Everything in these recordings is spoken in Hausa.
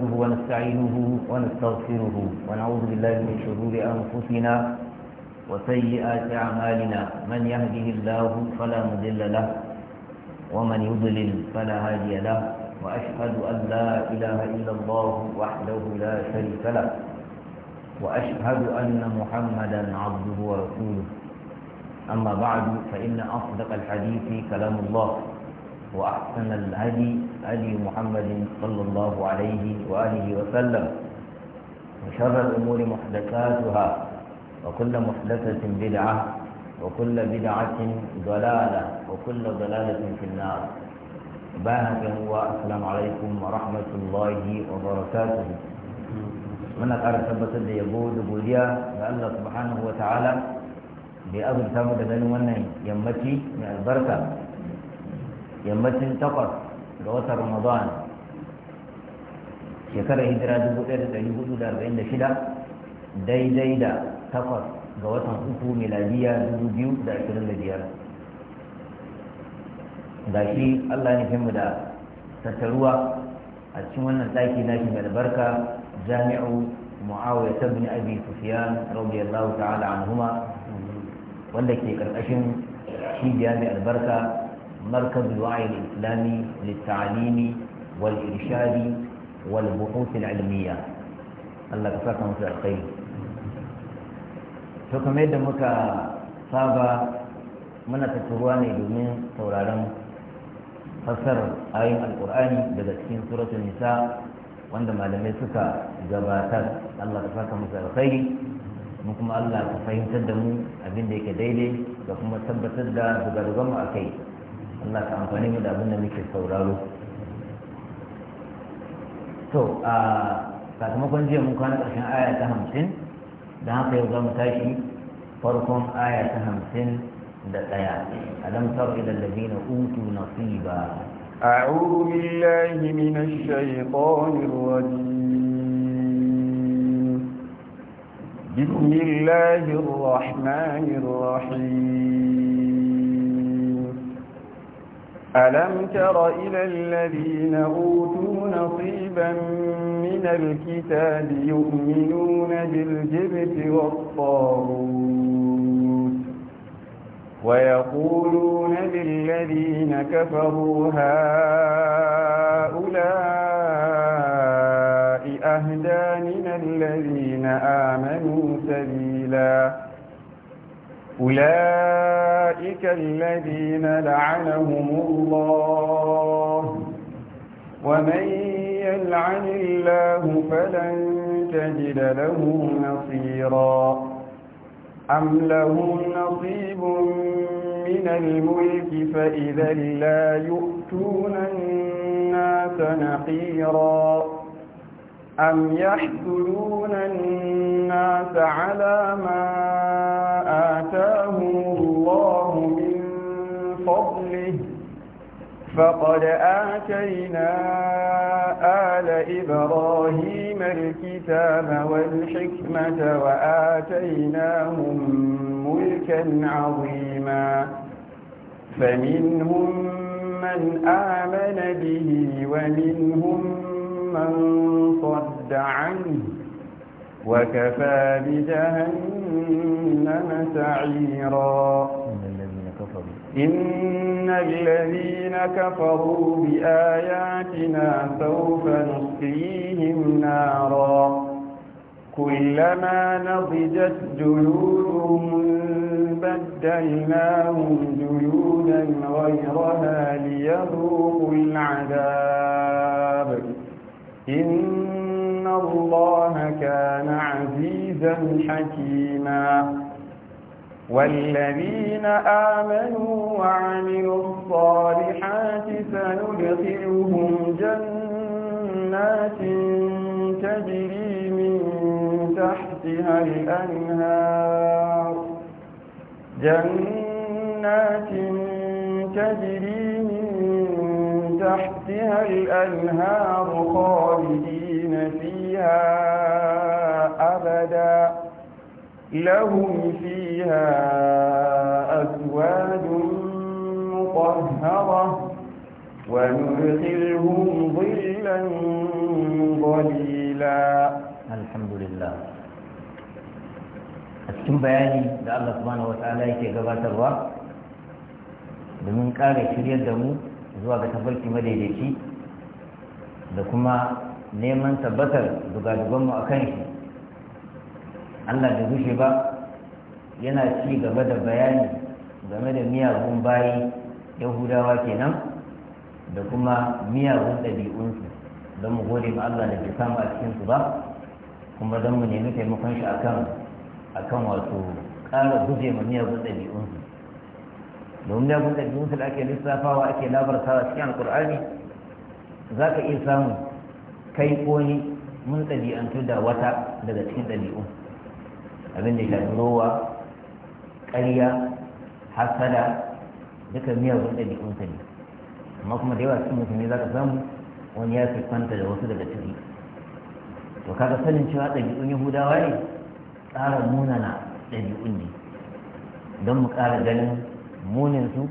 ونستعينه ونستغفره ونعوذ بالله من شرور أنفسنا وسيئات أعمالنا من يهده الله فلا مضل له ومن يضلل فلا هادي له وأشهد أن لا إله إلا الله وحده لا شريك له وأشهد أن محمدا عبده ورسوله أما بعد فإن أصدق الحديث كلام الله وأحسن الهدي هدي محمد صلى الله عليه وآله وسلم وشر الأمور محدثاتها وكل محدثة بدعة وكل بدعة ضلالة وكل ضلالة في النار باهك السلام عليكم ورحمة الله وبركاته من أقرأ سبت يقول بوليا الله سبحانه وتعالى سامد ثابت ونن يمتي من البركة يمتي takwas ga watan ramadan shekarar hijira 1446 daidai da takwas ga watan uku miladiya 2025 ga shi allah ne mu da tattaruwa a cikin wannan ɗaki na shi albarka jami'u mu'awiyar tabbin abi sufiyan radiyallahu ta'ala anhuma wanda ke karkashin shi jami'ar albarka مركز الوعي الإسلامي للتعليم والإرشاد والبحوث العلمية الله كفاك مساء الخير to kamar yadda muka saba muna tattaruwa ne domin sauraron fassarar ayoyin alkur'ani daga cikin suratun nisa wanda malamai suka gabatar allah ka saka musu alkhairi mu kuma allah ka fahimtar da mu abin da yake daidai da kuma tabbatar da dugadugan mu a kai Allah ka amfani mu da abin da muke sauraro to a sakamakon jiya mun kwana ƙarshen aya ta hamsin da haka yau za mu tashi farkon aya ta hamsin da ɗaya alam tar ila allazina utu nasiba أعوذ بالله من الشيطان الرجيم بسم الله الرحمن الرحيم ألم تر إلى الذين أوتوا نصيبا من الكتاب يؤمنون بالجبت والطاغوت ويقولون للذين كفروا هؤلاء أهدى من الذين آمنوا سبيلاً أولئك الذين لعنهم الله ومن يلعن الله فلن تجد له نصيرا أم لهم نصيب من الملك فإذا لا يؤتون الناس نقيراً أم يحسدون الناس على ما آتاهم الله من فضله فقد آتينا آل إبراهيم الكتاب والحكمة وآتيناهم ملكا عظيما فمنهم من آمن به ومنهم من صد عنه وكفى بجهنم سعيرا إن الذين كفروا بآياتنا سوف نسقيهم نارا كلما نضجت جلودهم بدلناهم جلودا غيرها ليذوقوا العذاب إن الله كان عزيزا حكيما والذين آمنوا وعملوا الصالحات سندخلهم جنات تجري من تحتها الأنهار جنات تجري تحتها الأنهار خالدين فيها أبدا لهم فيها أزواج مطهرة وندخلهم ظلا ظليلا الحمد لله cikin bayani da Allah subhanahu wa ta'ala yake gabatarwa domin ƙara shiryar da mu zuwa ga tafarki madaidaici da kuma neman tabbatar dugadugonmu a kan shi allah da bushe ba yana ci gaba da bayani game da miyagun bayi yahudawa kenan da kuma miyagun ɗabi'unsu don mu gode ma allah da ke samu a cikinsu ba kuma don mu nemi taimakon shi akan kan wato ƙara guje ma miyagun ɗabi'unsu domin abin da jinsu da ake lissafawa ake labartawa cikin alkur'ani za ka iya samun kai ko ni mun ɗabi'antu da wata daga cikin ɗabi'u abin da shafi rowa ƙarya hasada duka miyagun ɗabi'un ka ne amma kuma da yawa cikin musulmi za ka samu wani ya siffanta da wasu daga ciki to kaga sanin cewa ɗabi'un yahudawa ne tsarin munana ɗabi'un ne don mu ƙara ganin munin su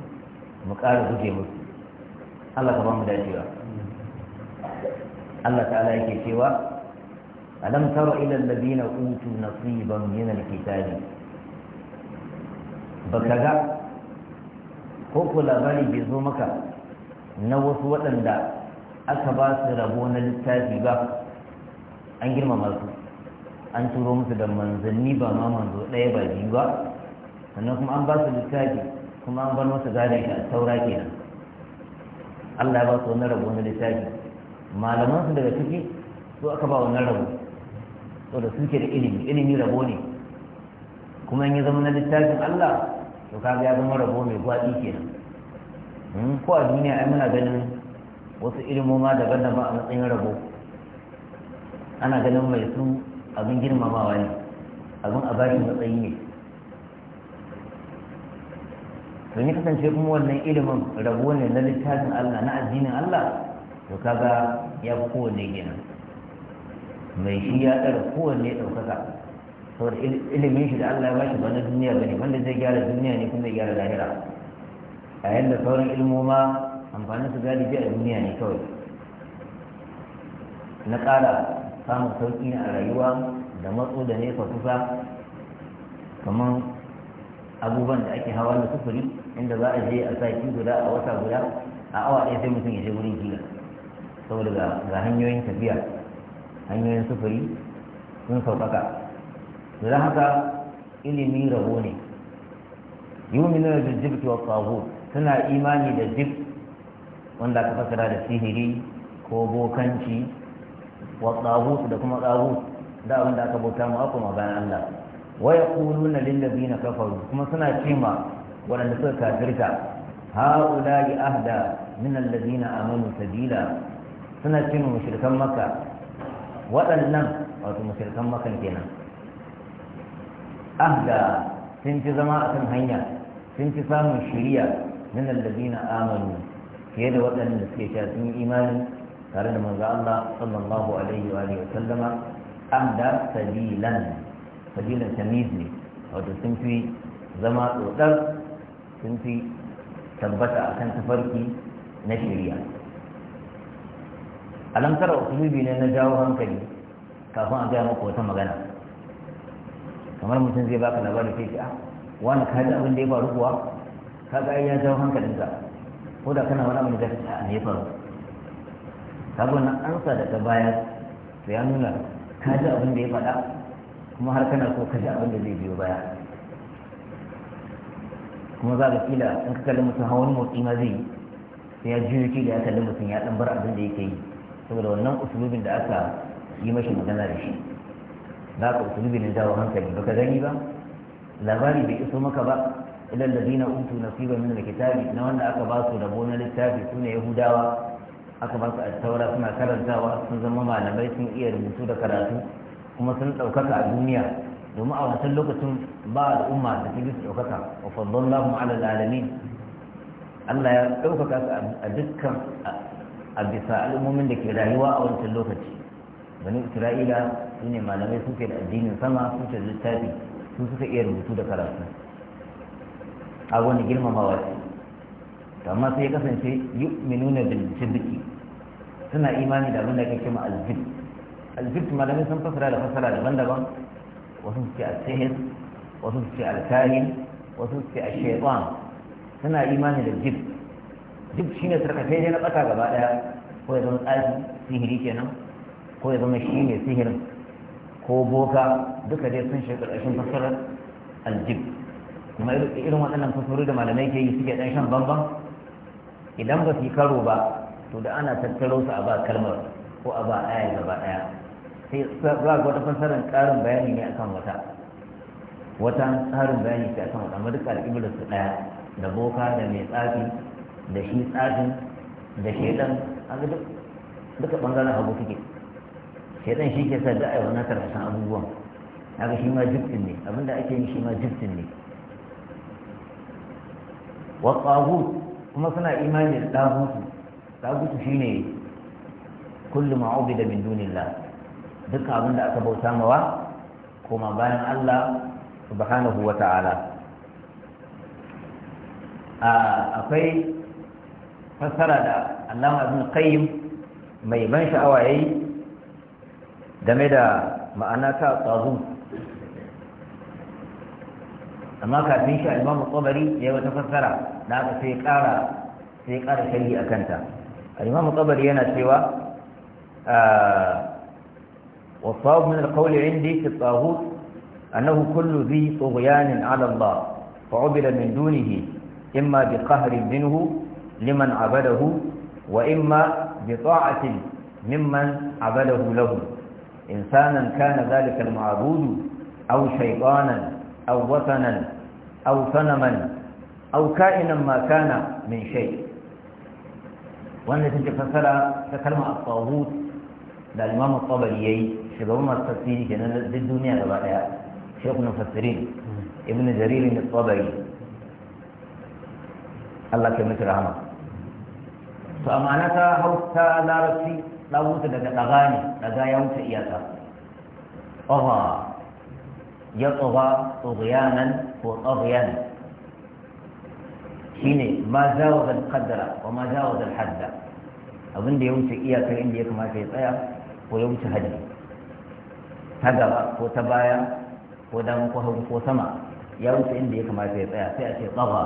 mu ƙara guje musu Allah ka ba mu dacewa Allah ta'ala yake cewa alam tara ila alladhina utu nasiban min alkitabi baka ga ko ku labari bai zo maka na wasu waɗanda aka ba su rabo na littafi ba an girmama su an turo musu da manzanni ba ma manzo ɗaya ba biyu ba sannan kuma an ba su littafi kuma an bar masa gane shi saura ke kenan Allah ya ba su wannan rabo wani littafi malaman su daga ciki su aka ba wannan rabo to da suke da ilimi ilimi rabo ne kuma in ya zama na littafin Allah to kaga ya zama rabo mai gwaɗi kenan hmm, ko a duniya ai muna ganin wasu ilimoma daban-daban a matsayin rabo ana ganin mai su abin girmamawa ne abin a bashi matsayi ne to ni kasance kuma wannan ilimin rabo ne na littafin Allah na addinin Allah to kaga ya fi kowanne gina mai shi ya ɗara kowanne ɗaukaka saboda ilimin shi da Allah ya ba shi ba na duniya ba ne wanda zai gyara duniya ne kuma zai gyara lahira a yadda sauran ilmoma amfanin su galibi a duniya ne kawai na ƙara samun sauƙi a rayuwa da matso da nesa kusa kamar abubuwan da ake hawa na sufuri inda za a je a saki guda a wata guda a awa ɗaya sai mutum ya je wurin kila saboda ga hanyoyin tafiya hanyoyin sufuri sun sauƙaƙa da haka ilimi rabo ne yuminu da jibti wa tsago suna imani da jib wanda aka fasara da sihiri ko bokanci wa tsago da kuma tsago da abin da aka bauta mu akwai magana Allah waya kuluna na kafaru kuma suna cima. waɗanda suka kafirta ha'ula'i ahda min alladhina amanu sabila suna cin mushrikan makka waɗannan wato mushrikan makka kenan ahda sun ci zama akan hanya sun ci samun shiriya min alladhina amanu fiye da waɗanda suke sha sun yi imani tare da manzo Allah sallallahu alaihi wa alihi sallama ahda sabilan sabilan tamiz ne wato sun fi zama tsotsar sun fi tabbata akan tafarki na shirya alam tara usulubi ne na jawo hankali kafin a gaya maka wata magana kamar mutum zai baka labarin sai ce ah wani ka ji abin da ya faru kuwa ka ga ya jawo ka ko da kana wani abin da ka ne ah, ya faru ka ga ansa da ta baya to ya nuna ka ji abin da ya faɗa kuma har kana so ka ji abin da zai biyo baya kuma za ka kila in ka kalli mutum hawan motsi ma zai sai ya juyo kila ya kalli mutum ya dan bar abin da yake yi saboda wannan usulubin da aka yi mashi magana da shi za ka usulubi na jawo hankali baka gani ba labari bai iso maka ba ilal ladina utu nasiba min alkitabi na wanda aka ba su rabo na littafi sune yahudawa aka ba su taura suna karantawa sun zama malamai sun iya rubutu da karatu kuma sun ɗaukaka a duniya domin a wancan lokacin ba al'umma da ta bisa ɗaukaka wa faddallahu ala alamin Allah ya ɗaukaka su a dukkan a bisa al'ummomin da ke rayuwa a wancan lokaci bani isra'ila su ne malamai suke da addinin sama su littafi su suka iya rubutu da karatu a wani girmamawa ce amma sai ya kasance yu'minuna bil jibti suna imani da abin da ake cewa al-jibt al malamai sun fasara da fasara daban-daban wasu su ce al wasu su ce wasu su ce al suna imani da jib jib shine sarkafe ne na bata gaba daya ko ya zama tsafi sihiri kenan ko ya zama shi ne sihirin ko boka duka dai sun shiga ƙarƙashin fassarar aljib kuma irin waɗannan fassarori da malamai ke yi suke ɗan shan bambam idan ba su yi karo ba to da ana tattaro su a ba kalmar ko a ba aya gaba ɗaya za ga wata fassarar ƙarin bayani ne akan wata wata tsarin bayani ce akan wata amma duk alƙiblar su ɗaya da boka da mai tsafi da shi tsafin da shaidan an ga duka ɓangaren abu suke shaidan shi ke sa da a wannan tarkasan abubuwan haka shi ma jiftin ne abinda ake yi shi ma jiftin ne wa tsagut kuma suna imani da tsagutu tsagutu shine kullu ma'ubida min dunillah duka abin da aka bauta mawa koma bayan Allah subhanahu wa ta'ala akwai fassara da alama abin qayyim mai ban sha'awa yayi game da ma'ana ta tsazu amma kafin shi al-imam tsabari ya wata fassara da aka sai ƙara sai ƙara shari'a kanta al-imam yana cewa والصواب من القول عندي في الطاغوت أنه كل ذي طغيان على الله فعبد من دونه إما بقهر منه لمن عبده وإما بطاعة ممن عبده له إنسانا كان ذلك المعبود أو شيطانا أو وثنا أو صنما أو كائنا ما كان من شيء وأن تنتفسر كلمة الطاغوت للإمام الطبري شباب ما تفسيري كنا في الدنيا غباء شيخ المفسرين ابن جرير الطبري الله كم ترحم فأمانتا حوثا لا رسي لا بوت دقا تغاني لدى يوم تئيتا طغى يطغى طغيانا وطغيانا حين ما زاوز القدر وما زاوز الحد أظن يوم تئيتا إن يكما في طيب ويوم تهدي ta gaba ko ta baya ko dan ko hagu ko sama ya wuce inda ya kamata ya tsaya sai a ce tsawa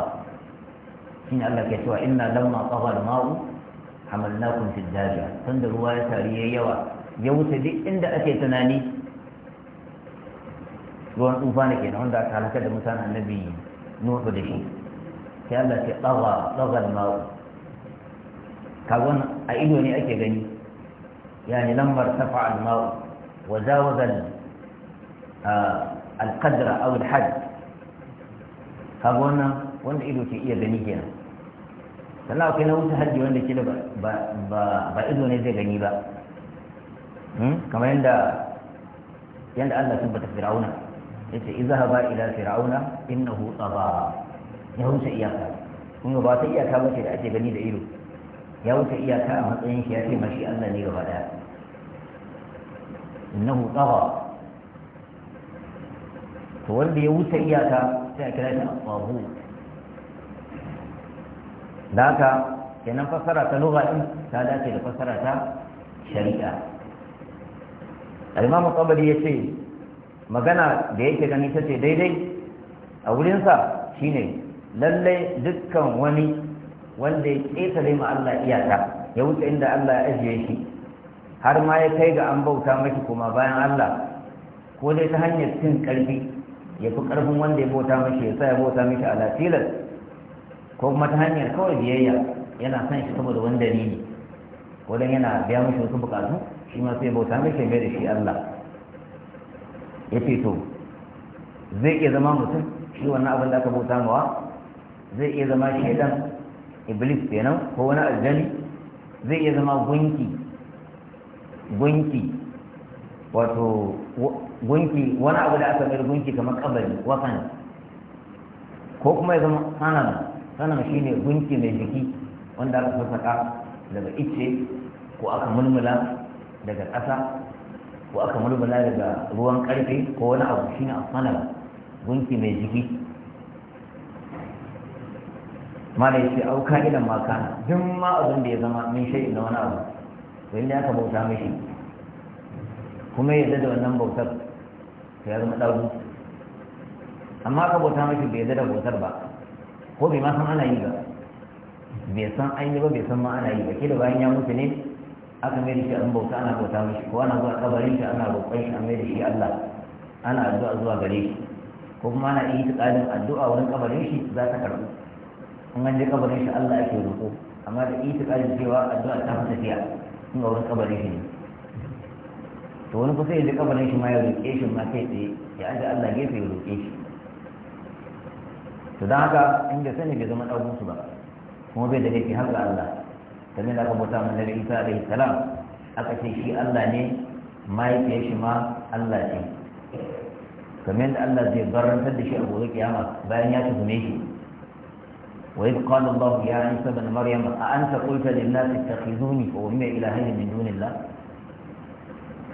shi ne Allah ke cewa inna lamma tsawa da ma'u hamalnakum kun jariya tun da ruwa ya tari ya yawa ya wuce duk inda ake tunani ruwan tsufa ne kenan wanda aka halaka da mutanen annabi nuhu da shi sai Allah ke tsawa tsawa da ma'u kaga a ido ne ake gani yani lambar tafa al ma'u وجاوز القدر أو الحد kaga wannan wanda ido ke iya gani kenan sannan akwai na wuce hajji wanda ke ba ido ne zai gani ba kamar yadda yadda Allah tabbata fir'auna yace izhaba ila fir'auna innahu taba ya kuma ba ta iyaka ba da ake gani da ido ya wuce iyaka a matsayin shi ya ce mashi Allah ne gaba daya innahu tagha to wanda ya wuce iyaka sai a kira shi asabu da kenan fassara ta lugha din ta dace da fasara ta shari'a al-imam qabari yace magana da yake gani ta ce daidai a wurinsa shine lallai dukkan wani wanda ya ƙetare ma Allah iyata, ya wuce inda Allah ya ajiye shi har ma ya kai ga an bauta maki kuma bayan Allah ko dai ta hanyar cin karfi ya fi karfin wanda ya bauta mashi ya sa ya bauta mashi a latilas ko kuma ta hanyar kawai biyayya yana son shi saboda wani dalili ko dan yana biya mashi wasu bukatu shi ma sai bauta mashi mai da shi Allah ya ce to zai iya zama mutum shi wannan abin da aka bauta mawa zai iya zama shaidan iblis kenan ko wani aljani zai iya zama gunki gunki wato gunki wani abu da aka mai gunki kamar kabari wakan ko kuma ya zama sanan shi ne gunki mai jiki wanda aka sassaka daga ice ko aka mulmula daga ƙasa ko aka mulmula daga ruwan ƙarfe ko wani abu shi a sanan gunki mai jiki ma da ya ce auka ma kana duk ma abin da ya zama min shaidu da wani abu lalle aka bauta mashi kuma ya da wannan bautar ya zama ɗaru amma aka bauta mashi bai yadda da bautar ba ko bai ma san ana yi ba bai san an yi ba bai san ma ana yi ba ke da bayan ya mutu ne aka mai da shi an bauta ana bauta mashi ko ana zuwa kabarin shi ana roƙon shi an mai da shi Allah ana addu'a zuwa gare shi ko kuma ana yi ta ƙalin addu'a wurin kabarin shi za ta karɓi in an je kabarin shi Allah ake roƙo amma da yi ta ƙalin cewa addu'a ta fi tafiya in wurin kabarin shi ne to wani kusa ya kabarin shi ma ya roƙe shi ma kai tsaye ya aji Allah gefe ya roƙe shi to don haka inda sani bai zama ɗaukun su ba kuma bai da laifi har Allah kamar da aka bauta mun daga Isa da salam aka ce shi Allah ne mahaifiyar shi ma Allah ce kamar da Allah zai barantar da shi a gobe kiyama bayan ya tuhume shi وإذ قال الله يا عيسى بن مريم أأنت قلت للناس اتخذوني فأمي إلهي من دون الله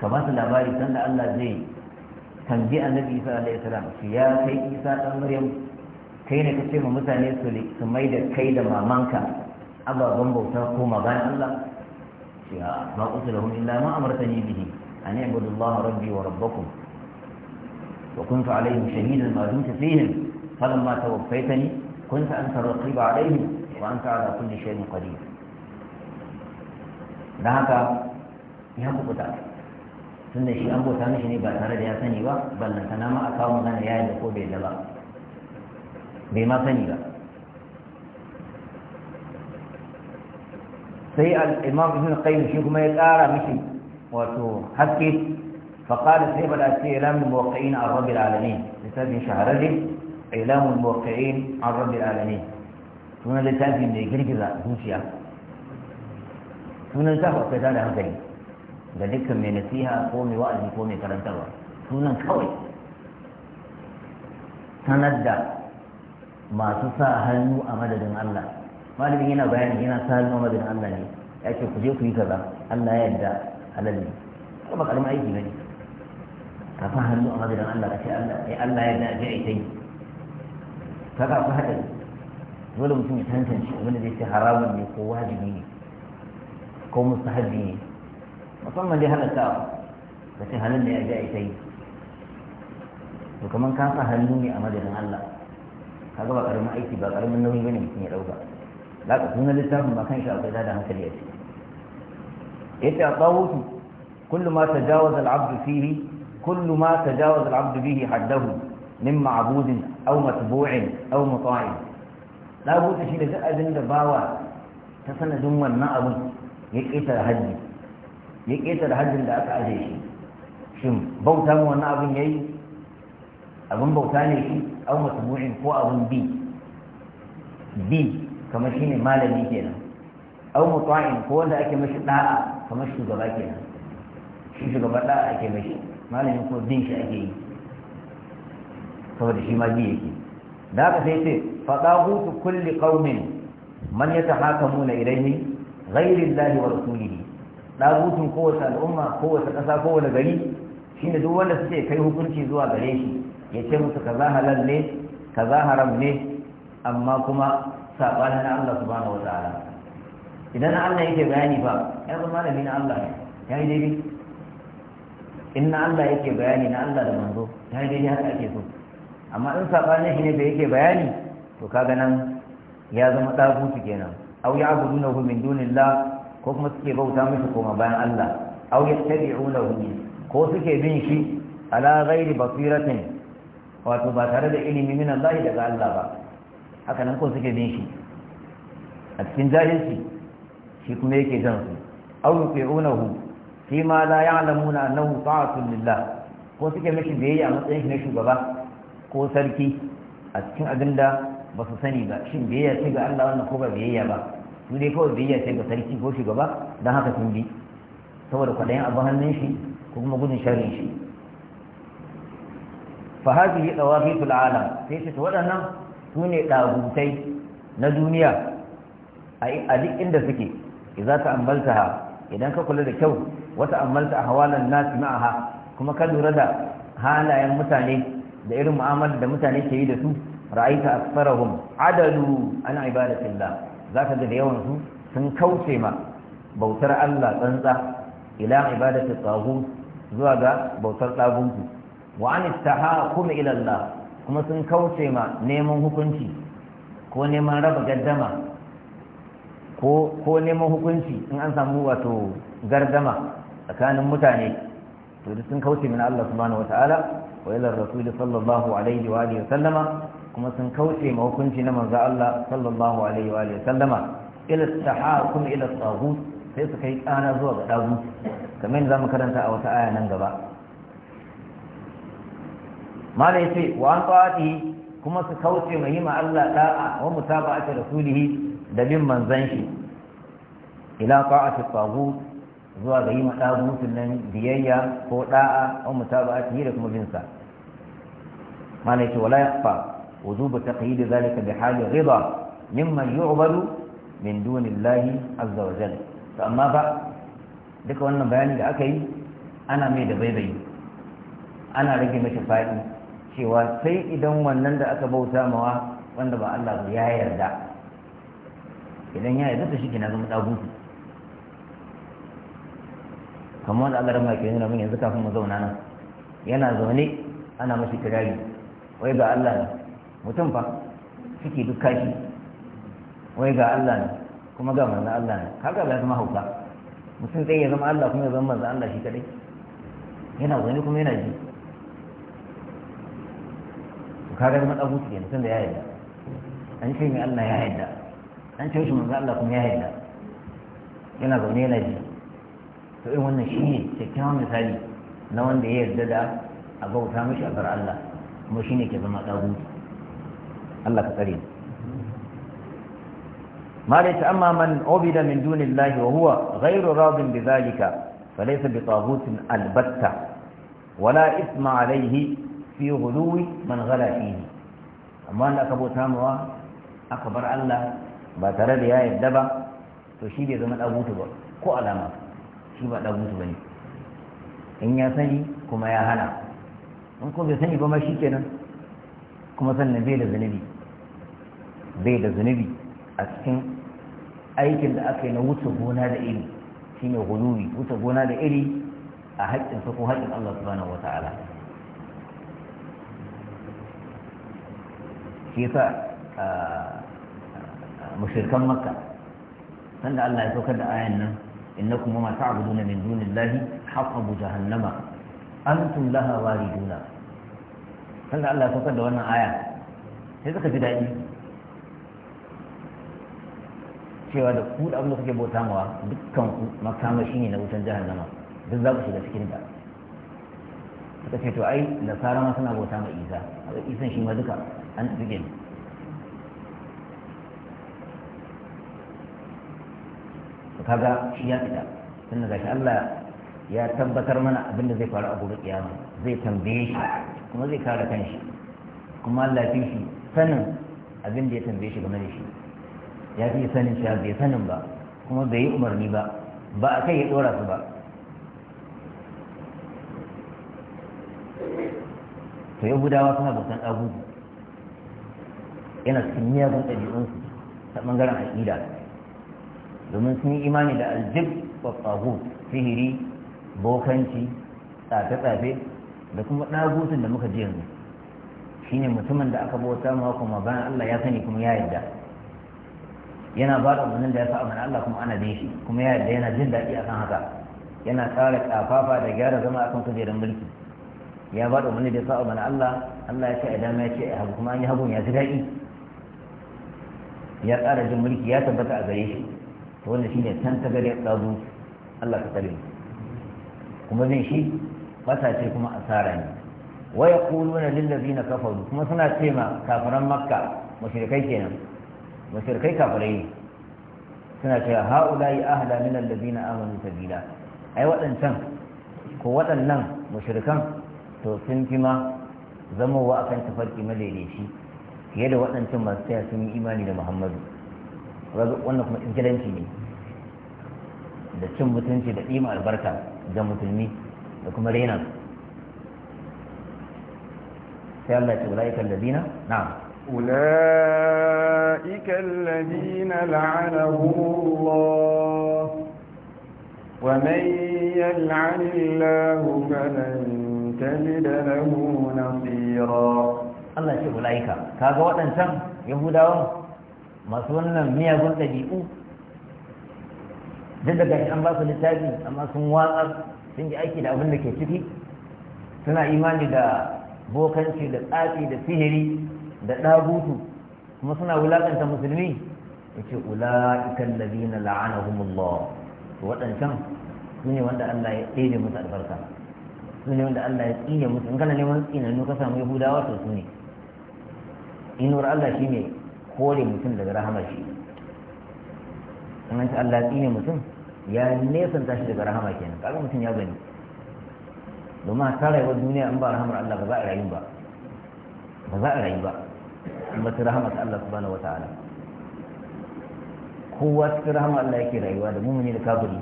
فبات الأباري سنة الله زي تنبيع النبي صلى الله عليه وسلم يا سيد عيسى بن مريم كينا كتير ممتع نسولي سميد كيد ما مانكا أبا غنبو تاكو مغان الله يا ما قلت إلا ما أمرتني به أن يعبد الله ربي وربكم وكنت عليهم شهيدا ما دمت فيهم فلما توفيتني كنت أنت الرقيب عليهم وأنت على كل شيء قدير da haka ya kubuta tun da shi an bauta mishi ne ba tare da ya sani ba ballanta na ma a kawo magana ya yi da ko bai da ba bai ma sani ba sai al'imam ibn qayyim shi kuma ya tsara mishi wato haske faqala sai bada ce lam muwaqqi'in ar-rabbil alamin litabin shahararri ilamun muwaqqi'in an rabbil alamin sunan littafi mai girgiza zuciya sunan littafi akwai da hankali da dukkan mai nasiha ko mai wa'azi ko mai karantarwa sunan kawai sanar da masu sa hannu a madadin Allah malamin yana bayani yana sa hannu a madadin Allah ne ya ce ku je ku yi kaza Allah ya yadda halal ne kuma karamin aiki ne ka fa hannu a madadin Allah ka ce Allah ya yarda je ta yi. kaga ku haɗari dole mutum ya tantance wanda zai ce haramun ne ko wajibi ne ko mustahabi ne musamman dai halatta ka ce halin da ya ji ita yi to kamar ka sa hannu ne a madadin Allah kaga ba karamin aiki ba karamin nauyi bane mutum ya dauka laka sunan littafin ba kan shi akwai da hankali a ciki yace a tawutu kullu ma tajawaza al-abdu fihi kullu ma tajawaza al-abdu bihi haddahu min ma'budin aw matbu'in aw muta'in labudda shi da duk abin da bawa ta sanadin wannan abun ya ƙetare hajji ya ƙetare hajjin da aka aje shi shin bauta mu wannan abin yayi Abun bauta ne shi aw matbu'in ko abun bi bi kamar shine malami kenan aw muta'in ko wanda ake mashi da'a kamar shugaba kenan shi shugaba da'a ake mashi malamin ko din shi ake yi saboda shi ma ji yake da aka sai ce faɗa hutu kulli qaumin man idan yi ghairin lahi wa rasulihi hutu kowace al'umma kowace ƙasa kowace gari shi ne duk wanda suke kai hukunci zuwa gare shi ya ce musu ka halal ne ka haram ne amma kuma na Allah subhanahu ta'ala idan Allah yake bayani ba ya zama malami na Allah ya yi daidai in na Allah yake bayani na Allah da manzo ya yi daidai haka ake so amma in sabanin shi ne da yake bayani to kaga nan ya zama dagutu kenan aw ya'budunahu min dunillah ko kuma suke bauta mishi koma bayan Allah aw yattabi'unahu ko suke bin shi ala ghairi basiratin wato ba tare da ilimi min Allah daga Allah ba haka nan ko suke bin shi a cikin jahilci shi kuma yake jan su aw yuqi'unahu fi ma la ya'lamuna annahu ta'atun lillah ko suke mishi biyayya a matsayin shi na shugaba ko sarki a cikin abin da ba su sani ba shin biyayya ce ga Allah wannan ko ba biyayya ba su dai kawai biyayya ce ga sarki ko shugaba don haka sun bi saboda kwaɗayin abu hannun shi ko kuma gudun sharrin shi fa hadhihi dawafitul alam sai ta waɗannan su ne ɗagutai na duniya a duk inda suke idza ta ha idan ka kula da kyau wata ammalta ahwalan nas ma'aha kuma ka lura da halayen mutane da irin mu'amalar da mutane ke yi da su ra'aita asfarahum adalu an ibadatillah zaka ga da yawan su sun kauce ma bautar Allah tsantsa ila ibadati tagut zuwa ga bautar tagunku wa an istahakum ila Allah kuma sun kauce ma neman hukunci ko neman raba gaddama ko ko neman hukunci in an samu wato gardama tsakanin mutane to sun kauce min Allah subhanahu wataala wa ila rasuli sallallahu alaihi wa alihi sallama kuma sun kauce ma hukunci na manzo Allah sallallahu alaihi wa alihi sallama ila tahakum ila taghut sai su kai kana zuwa ga dagu kamar yadda zamu karanta a wata aya nan gaba mala yace wa an qati kuma su kauce ma yima Allah da'a wa mutaba'ati rasulihi da bin manzon shi ila ta'ati taghut zuwa ga yi matsagutun nan biyayya ko ɗa'a da'a an mutaba'ati da kuma binsa mana yake wala yaqfa wujubu taqyid zalika bi hali ridha mimman yu'badu min dunillahi azza wa jalla to amma ba duka wannan bayani da aka yi ana mai da baibayi ana rage mashi fadi cewa sai idan wannan da aka bauta mawa wanda ba Allah ya yarda idan ya yarda to shi ke na zama dagutu kamar wanda Allah ma ke nuna min yanzu kafin mu zauna nan yana zaune ana mashi kirari wai ga Allah ne mutum fa ciki duk kashi wai ga Allah ne kuma ga manzan Allah ne kaga ba zama hauka mutum ɗaya ya zama Allah kuma ya zama manzan Allah shi kadai yana zaune kuma yana ji kaga zama ɗan hutu kenan tunda ya yarda an ce mai Allah ya yarda an ce shi manzan Allah kuma ya yarda yana zaune yana ji to in wannan shi ne kyakkyawan misali na wanda ya yarda da a bauta mashi a bar Allah kuma shi ne ke zama ɗagu Allah ka tsare ma laysa amma man ubida min dunillahi wa huwa ghayru radin bi dhalika fa laysa bi taghutin albatta wa la isma alayhi fi ghuluwi man ghala amma da aka bauta mawa aka bar Allah ba tare da ya yarda ba to shi bai zama ɗagu ba ko alama shi ba ɗagutu ba ne in ya sani kuma ya hana in ko bai sani ba ma shi nan? kuma sannan bai da zunubi bai da zunubi a cikin aikin da aka yi na wuce gona da iri shine guluwi wuce gona da iri a haƙƙin ko haƙƙin Allah subhanahu wata'ala shi yasa ah, ah, ah, mushrikan makka sanda Allah ya saukar da ayan nan innakum ma ta'buduna min dunillahi hasabu jahannama antum laha wariduna kan da Allah ya saukar da wannan aya sai suka ji daɗi cewa da ku da abin da kuke bauta mawa dukkan ku ne na wutan jahannama duk za ku shiga cikin da suka ce to ai nasara ma suna bauta ma isa a isan shi ma duka an tsige kaga shi ya fita da gashi Allah ya tabbatar mana abin da zai faru a gobe kiyama zai tambaye shi kuma zai kare kanshi kuma Allah ya fi shi sanin abin da ya tambaye shi game da shi ya fi sanin shi bai sanin ba kuma bai yi umarni ba ba a kai ya dora su ba to gudawa suna bautan abubu yana cikin miyagun ɗabi'unsu ta ɓangaren aƙida domin sun yi imani da aljib wa tsahu sihiri bokanci tsafe-tsafe da kuma ɗagutun da muka ji yanzu shine mutumin da aka bauta mawa kuma bayan Allah ya sani kuma ya yarda yana ba da umarnin da ya sa amana Allah kuma ana bin shi kuma ya yarda yana jin daɗi akan haka yana tsara kafafa da gyara zama akan kujerar mulki ya ba da umarnin da ya sa amana Allah Allah ya ce a dama ya ce a hagu kuma an yi hagun ya ji daɗi ya tsara jin mulki ya tabbata a gare shi shi ne san ta gare tsazu Allah ka tsare kuma bin shi bata ce kuma asara ne waya wa yaquluna lil ladina kafaru kuma suna ce ma kafiran makka mushrikai kenan mushrikai kafirai suna cewa ha'ula'i ahla min na amanu sabila ai waɗancan ko waɗannan mushrikan to sun fi ma zamowa akan tafarki madaidaici fiye da waɗancan masu taya sun yi imani da muhammadu wannan kuma ingilanci ne da cin mutunci da ɗima albarka ga musulmi da kuma raina sai Allah ya ce ulaika allazina na'am ulaika allazina la'anahumullah wa man yal'anillahu falan da lahu nasira Allah ya ce Ka ga waɗancan yahudawa masu wannan miyagun ɗabi'u duk da gashi an ba su littafi amma sun watsa sun yi aiki da abin da ke ciki suna imani da bokanci da tsafi da sihiri da ɗagutu kuma suna wulaƙanta musulmi ya ce ula'ikan lazina la'anahumullah waɗancan su ne wanda Allah ya ɗaya musu albarka su ne wanda Allah ya tsine musu in kana neman ne ka samu yahudawa to su ne inuwar Allah shi ne kore mutum daga rahama shi in an ci Allah tsine mutum ya nesa tashi daga rahama kenan kaga mutum ya gani domin a tara yawan duniya in ba rahamar Allah ba za a rayu ba ba za a rayu ba in ba ta Allah subhanahu wa ta'ala kowa cikin rahama Allah yake rayuwa da mumuni da kafiri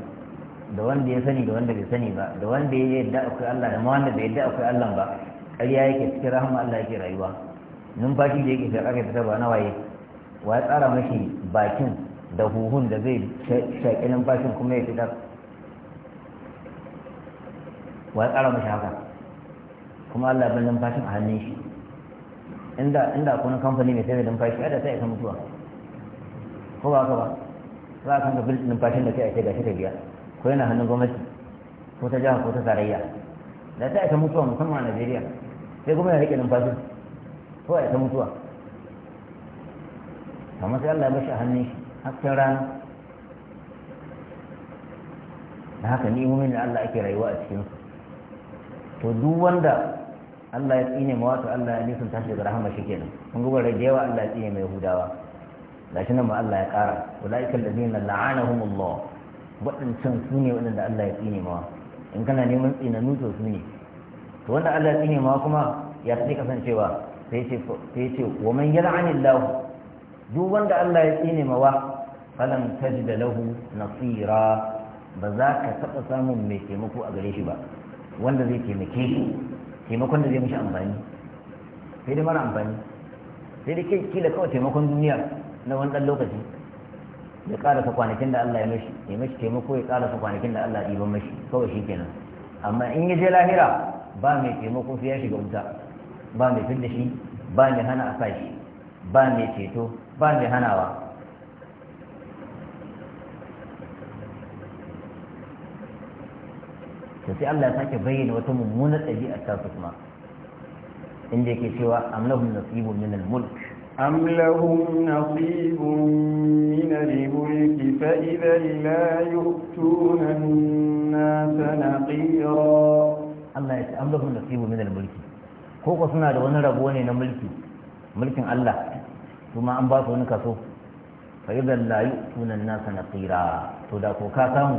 da wanda ya sani da wanda bai sani ba da wanda ya yadda akwai Allah da wanda bai yadda akwai Allah ba ƙarya yake cikin rahama Allah yake rayuwa numfashi da yake shaƙa ta ba na waye wa ya tsara mashi bakin da huhun da zai shaƙi numfashin kuma ya fitar wa ya tsara mashi haka kuma Allah bar numfashin a hannun shi inda inda kuna kamfani mai sai da numfashi ada sai ka mutuwa ko ba ka ba za a kanka bil numfashin da kai ake gashi ta biya ko yana hannun gwamnati ko ta jiha ko ta tarayya da sai ka mutuwa musamman a Najeriya sai kuma ya rike numfashin ko ya ta mutuwa kamar sai Allah ya bashi a hannun shi hasken rana da haka ni'imomin da Allah ake rayuwa a cikin to duk wanda Allah ya tsine ma wato Allah ya nisan tashi daga rahama shi kenan kun ga bare da yawa Allah ya tsine mai Yahudawa gashi nan ma Allah ya kara ulaiikal ladina la'anahumullah waɗancan su ne waɗanda Allah ya tsine ma in kana neman tsina nuto su ne to wanda Allah ya tsine ma kuma ya fi kasancewa sai ce sai ce wa man yal'anillahu duk wanda Allah ya tsine ma wa falan tajida lahu nasira ba za ka taɓa samun mai taimako a gare shi ba wanda zai taimake shi taimakon da zai mishi amfani sai dai mara amfani sai dai kila kawai taimakon duniya na wani ɗan lokaci ya ƙarasa kwanakin da Allah ya mashi ya mashi taimako ya ƙarasa kwanakin da Allah ya ɗiban mashi kawai shi kenan amma in ya je lahira ba mai taimako sai ya shiga wuta ba mai fidda shi ba mai hana a sa shi ba mai ceto ba mai hanawa to sai Allah ya sake bayyana wata mummunar ɗabi'a ta su kuma inda yake cewa amlahum nasibun min al-mulk am lahum nasibun min al-mulk fa idha la yu'tuna an-nasa naqira Allah ya ce am lahum nasibun min al-mulk ko ko suna da wani rabo ne na mulki mulkin Allah kuma an ba su wani kaso fa idha la yu'tuna an-nasa naqira to da ko ka samu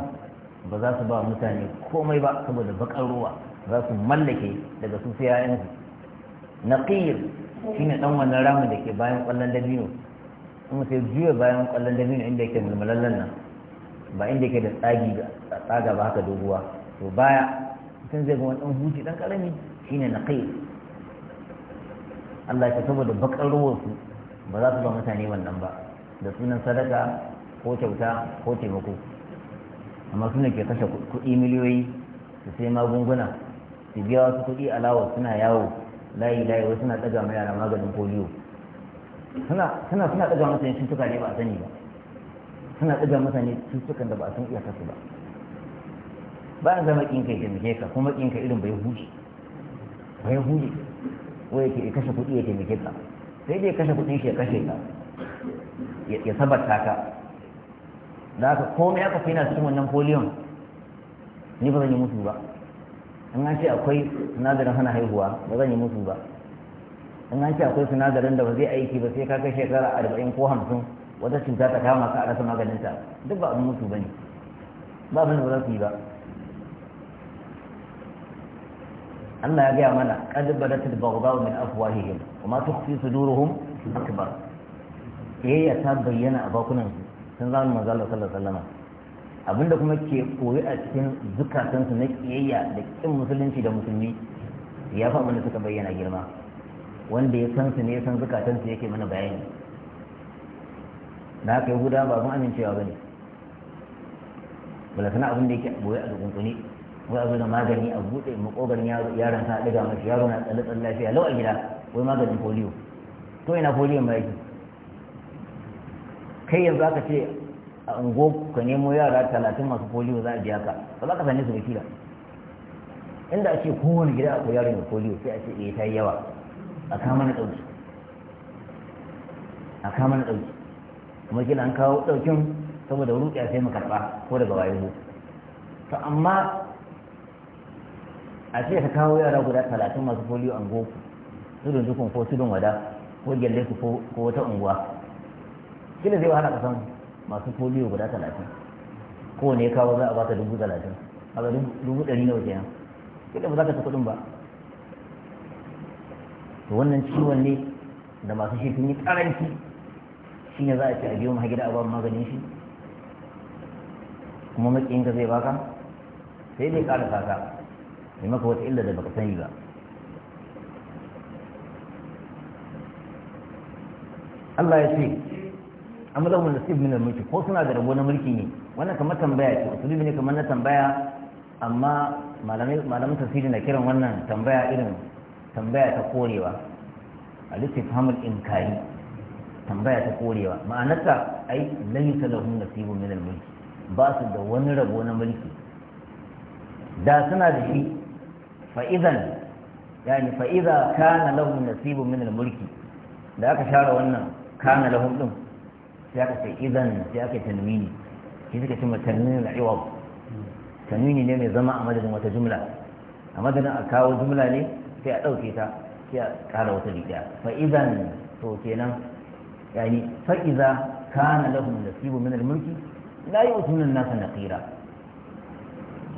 ba za su ba mutane komai ba saboda bakar ruwa za su mallake daga su sai yayansu naqir shine dan wannan ramin da ke bayan kwallon dabino kuma sai juya bayan kwallon dabino inda yake mulmulallan nan ba inda yake da tsagi da tsaga ba haka doguwa to baya mutum zai ga wani dan huji dan karami shine naqir Allah ya saboda bakar ruwansu ba za su ba mutane wannan ba da sunan sadaka ko kyauta ko taimako amma suna ke kashe kuɗi miliyoyi su sai magunguna su biya wasu kuɗi alawa suna yawo layi layi wasu suna ɗaga mai yara maganin polio suna suna suna ɗaga masa cutuka ne ba a sani ba suna ɗaga mutane cutukan da ba a san iya kasu ba a zama ƙinka ya taimake ka kuma ƙinka irin bai huce bai huji ko yake kashe kuɗi ya taimake ka sai dai kashe kuɗin shi ya kashe ka ya sabata ka da aka komai aka fina cikin wannan foliyon ni ba zan yi musu ba in an ce akwai sinadarin hana haihuwa ba zan yi musu ba in an ce akwai sinadarin da ba zai aiki ba sai ka kai shekara arba'in ko hamsin wata cuta ta kama ka a rasa maganinta duk ba abin musu ba ne ba abin da ba za su yi ba Allah ya gaya mana qad badatil baghdau min afwahihim wa ma tukhfi sudurhum akbar eh ya ta bayyana a bakunan su sun zama manzo Allah sallallahu alaihi wasallam abinda kuma ke koyi a cikin zukatansu na kiyayya da kin musulunci da musulmi ya fa mun suka bayyana girma wanda ya san su ne ya san zukatansu yake mana bayani da haka guda ba mun amincewa bane balantana abin da yake boye a dukunkuni wai a zo da magani a buɗe makogarin yaron sa daga mashi yaro na tsalle tsalle lafiya lau a gida wai maganin polio to ina polio mai yake kai yanzu aka ce a ungo ka nemo yara talatin masu polio za a biya ka ba za ka sani su da inda a ce kowane gida akwai yaro mai polio sai a ce eh ta yi yawa a kama na ɗauki a kama na ɗauki kuma kila an kawo ɗaukin saboda a sai mu karɓa ko daga wayo to amma a ce ka kawo yara guda talatin masu polio a ungo don dukun ko su don wada ko gyalle ko wata unguwa kila zai wahala ka samu masu foliyo guda talatin kowane ya kawo za a ta dubu talatin a ga dubu ɗari nawa kenan yadda ba za ka ci kuɗin ba to wannan ciwon ne da masu shi sun yi ƙaranci shi ne za a ce a biyo mahaifi gida a ba maganin shi kuma ka zai baka sai dai ƙara kaka yi maka wata illa da baka sani ba Allah ya ce amma lahum nasib min mulki ko suna da rabo na mulki ne wannan kamar tambaya ce usulubi ne kamar na tambaya amma malamai malaman tafsiri na kiran wannan tambaya irin tambaya ta korewa al-istifham al-inkari tambaya ta korewa ma'anarta ai laysa lahum nasibun min al-mulki ba su da wani rabo na mulki da suna da shi fa'izan, idan yani fa idza kana lahum nasibun min mulki da aka share wannan kana lahum din sai aka ce idan sai aka tanwini shi suka ce tanwini na iwab tanwini ne mai zama a madadin wata jumla a madadin a kawo jumla ne sai a ɗauke ta sai a ƙara wata riƙiya fa idan to kenan yani fa iza kana lahum nasibu min al-mulki la yu'tuna an-nasa naqira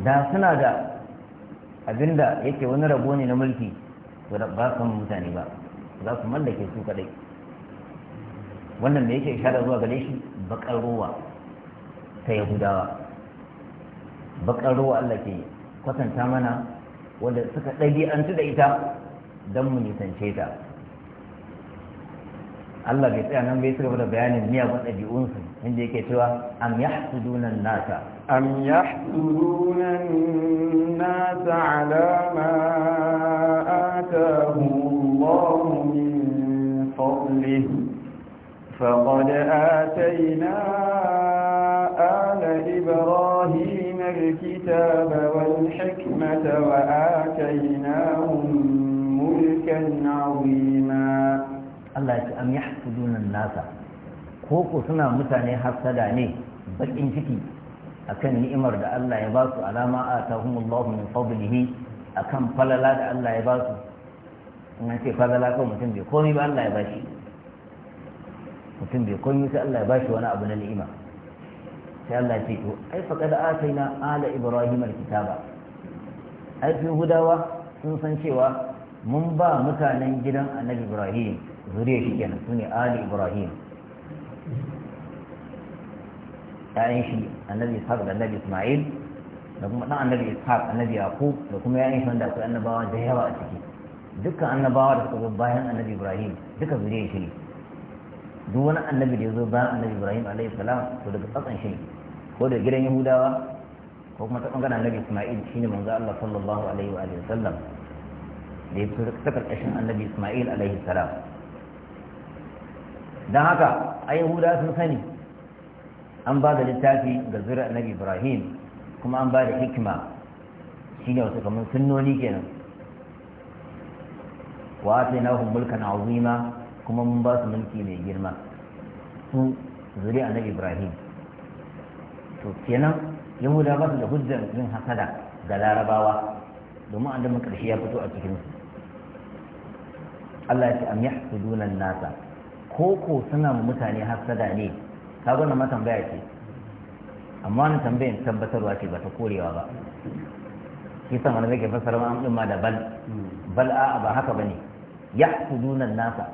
da suna da abinda yake wani rabo ne na mulki to ba su mutane ba za su mallake su kadai wannan me yake ishara zuwa gare shi bakar ruwa ta yahudawa bakar ruwa Allah ke kwatanta mana wanda suka ɗabi'antu da ita don mu nisance ta Allah bai tsaya nan bai tsira da bayanin miyagun ɗabi'unsu inda yake cewa am yahsuduna nasa am yahsuduna nasa ala ma atahum Allah min fadlihi فقد آتينا آل إبراهيم الكتاب والحكمة وآتيناهم ملكا عظيما الله أم يحسدون الناس koko suna mutane hasada ne bakin ciki akan ni'imar da Allah ya ba su alama a tahumullahu min fadlihi akan falala da Allah ya ba su in ce falala ko mutum bai komai ba Allah ya ba shi mutum bai koyi sai Allah ya bashi wani abu na ni'ima sai Allah ya ce to ai fa kada ataina ala ibrahim alkitaba ai fi hudawa sun san cewa mun ba mutanen gidan annabi ibrahim zuriya shi kenan sune ali ibrahim ya'yan shi annabi ishaq da annabi isma'il da kuma dan annabi ishaq annabi yaqub da kuma yayin shi wanda akwai annabawa da yawa a ciki dukkan annabawa da suka bayan annabi ibrahim duka zuriya shi ne duk wani annabi da ya zo bayan annabi ibrahim alaihi salam to daga tsatsan shi ko da gidan yahudawa ko kuma ta bangaren annabi isma'il shine manzo Allah sallallahu alaihi wa alihi sallam da ya fito ta karkashin annabi isma'il alaihi salam dan haka a yahudawa sun sani an ba da littafi ga zuri'ar annabi ibrahim kuma an ba da hikima shine wasu kamar sunnoni kenan wa atainahum mulkan azima kuma mun ba su mulki mai girma su zuri na ibrahim to kenan yahuda ba su da hujjar yin hasada ga larabawa domin an damar ƙarshe ya fito a cikin su Allah ya ce am yahsuduna nasa ko ko suna mutane hasada ne ka gwana ma tambaya ce amma wani tambayin tabbatarwa ce ba ta korewa ba kisan wani zai ke fassara ma an ma da bal hmm. bal a'a ba haka ba bane dunan nasa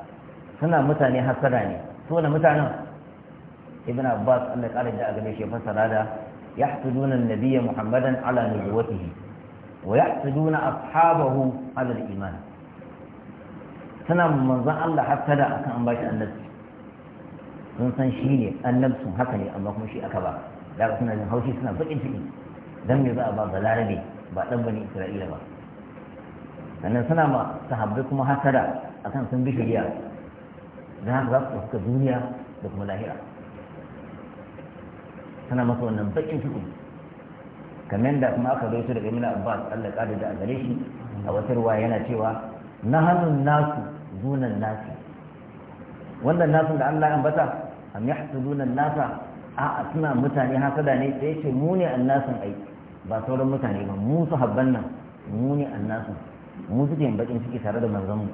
suna mutane hasada ne su ne mutanen ibn abbas Allah ya da a gare shi fasara da yahsuduna an-nabiyya muhammadan ala nubuwatihi wa ya yahsuduna ashabahu ala al-iman suna manzon Allah hasada akan an bashi annabi sun san shi ne annabsun haka ne amma kuma shi aka ba da suna jin haushi suna baƙin ciki dan me za a ba Larabe ba dan bani isra'ila ba sannan suna ma sahabbai kuma hasada akan sun bi shari'a na za su fuska duniya da kuma lahira tana masa wannan bakin ciki kamar da kuma aka gaito daga mina abbas allah kada da a gare shi a wata ruwa yana cewa na hannun nasu zunan nasu wannan nasu da allah ambata am yahsudunan nasa a suna mutane hasada ne sai ce mu ne annasin ai ba sauran mutane ba mu su habban nan mu ne annasin mu suke bakin ciki tare da manzon mu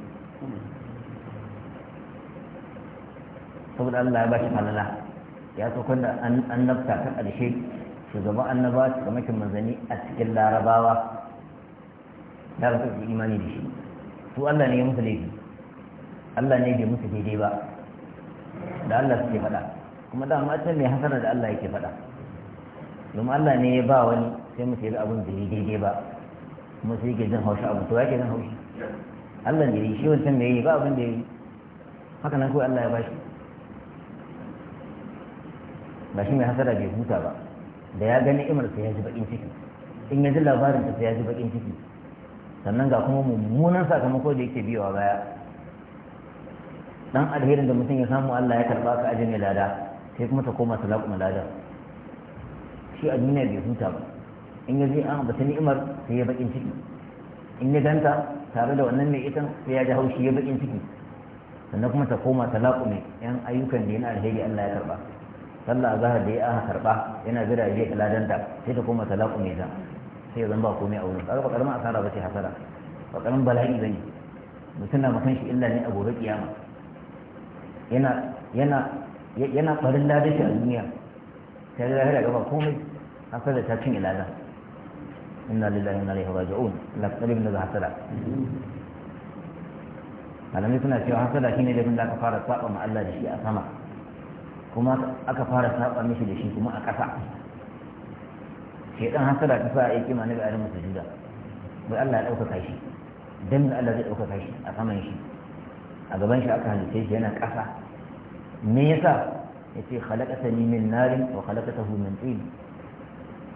saboda Allah ya ba shi falala ya so kun da annabta ta ƙarshe shugaban annaba shugabancin manzanni a cikin larabawa ya rasu su imani da shi su Allah ne ya musu laifi Allah ne bai musu daidai ba da Allah suke faɗa kuma da ma can mai hasara da Allah yake faɗa domin Allah ne ya ba wani sai mu sai abin da ya daidai ba kuma sai yake jin haushi abu to yake jin haushi Allah ne ya yi shi wancan mai yi ba abin da ya yi haka nan kawai Allah ya ba shi ba shi mai hasara bai huta ba da ya gani imar sai ya ji bakin ciki in ya ji labarin sai ya ji bakin ciki sannan ga kuma mummunan sakamako da yake biyowa baya dan alherin da mutum ya samu Allah ya karba ka ajin lada sai kuma ta koma salaku na lada shi a duniya bai huta ba in ya ji an bata ni'imar sai ya bakin ciki in ya ganta tare da wannan mai itan sai ya ji haushi ya bakin ciki sannan kuma ta koma talaku mai yan ayyukan da yana alheri Allah ya karba sallah azhar da ya aka karba yana jira ya ladan da sai ta koma talaku mai zan sai zan ba komai a wurin kaga ba karamin asara ba sai hasara ba karamin bala'i bane mutum na makan shi illa ne a gobe kiyama yana yana yana barin a duniya sai ga ya gaba komai hasara ta cin iladan inna lillahi inna ilaihi raji'un la qalibun da hasara malamai suna cewa hasara shine da bin da aka fara saba ma Allah da shi a sama kuma aka fara saba mishi da shi kuma a ƙasa shaidan hasara ta sa ya kima na ga arin sujuda bai Allah ya ɗaukaka shi dan da Allah zai ɗaukaka shi a saman shi a gaban shi aka halitta shi yana ƙasa me yasa yace khalaqatani min narin wa khalaqatahu min tsin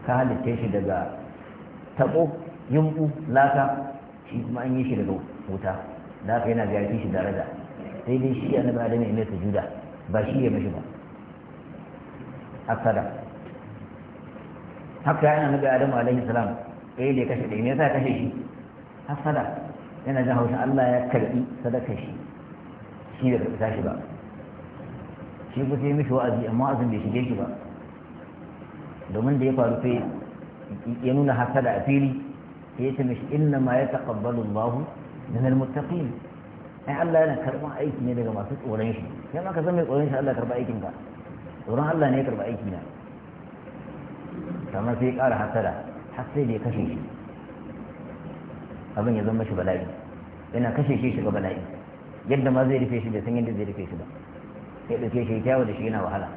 ka halitta shi daga tabo yumbu laka shi kuma an yi shi daga wuta da haka yana ga shi daraja sai dai shi annabi adam ya mai sujuda ba shi ya mashi ba hasada haka yana nabi adamu alaihi salam eh ne kashe ɗaya ne yasa kashe shi hasada yana jin hausa Allah ya karbi sadakar shi shi da karbi tashi ba shi ku sai mishi wa'azi amma azin bai shige shi ba domin da ya faru sai ya nuna hasada a fili sai ya ce mishi inna ma ya taqabbalu Allahu min al-muttaqin ai Allah yana karban aiki ne daga masu tsoron shi sai maka ka san mai tsoron shi Allah karba aikin ka tsoron Allah ne ya karba aiki na kamar sai ya ƙara hasara har sai da ya kashe shi abin ya zama shi bala'i yana kashe shi shiga bala'i yadda ma zai rufe shi da san yadda zai rufe shi ba ya ɗauke shi kyawu da shi yana wahala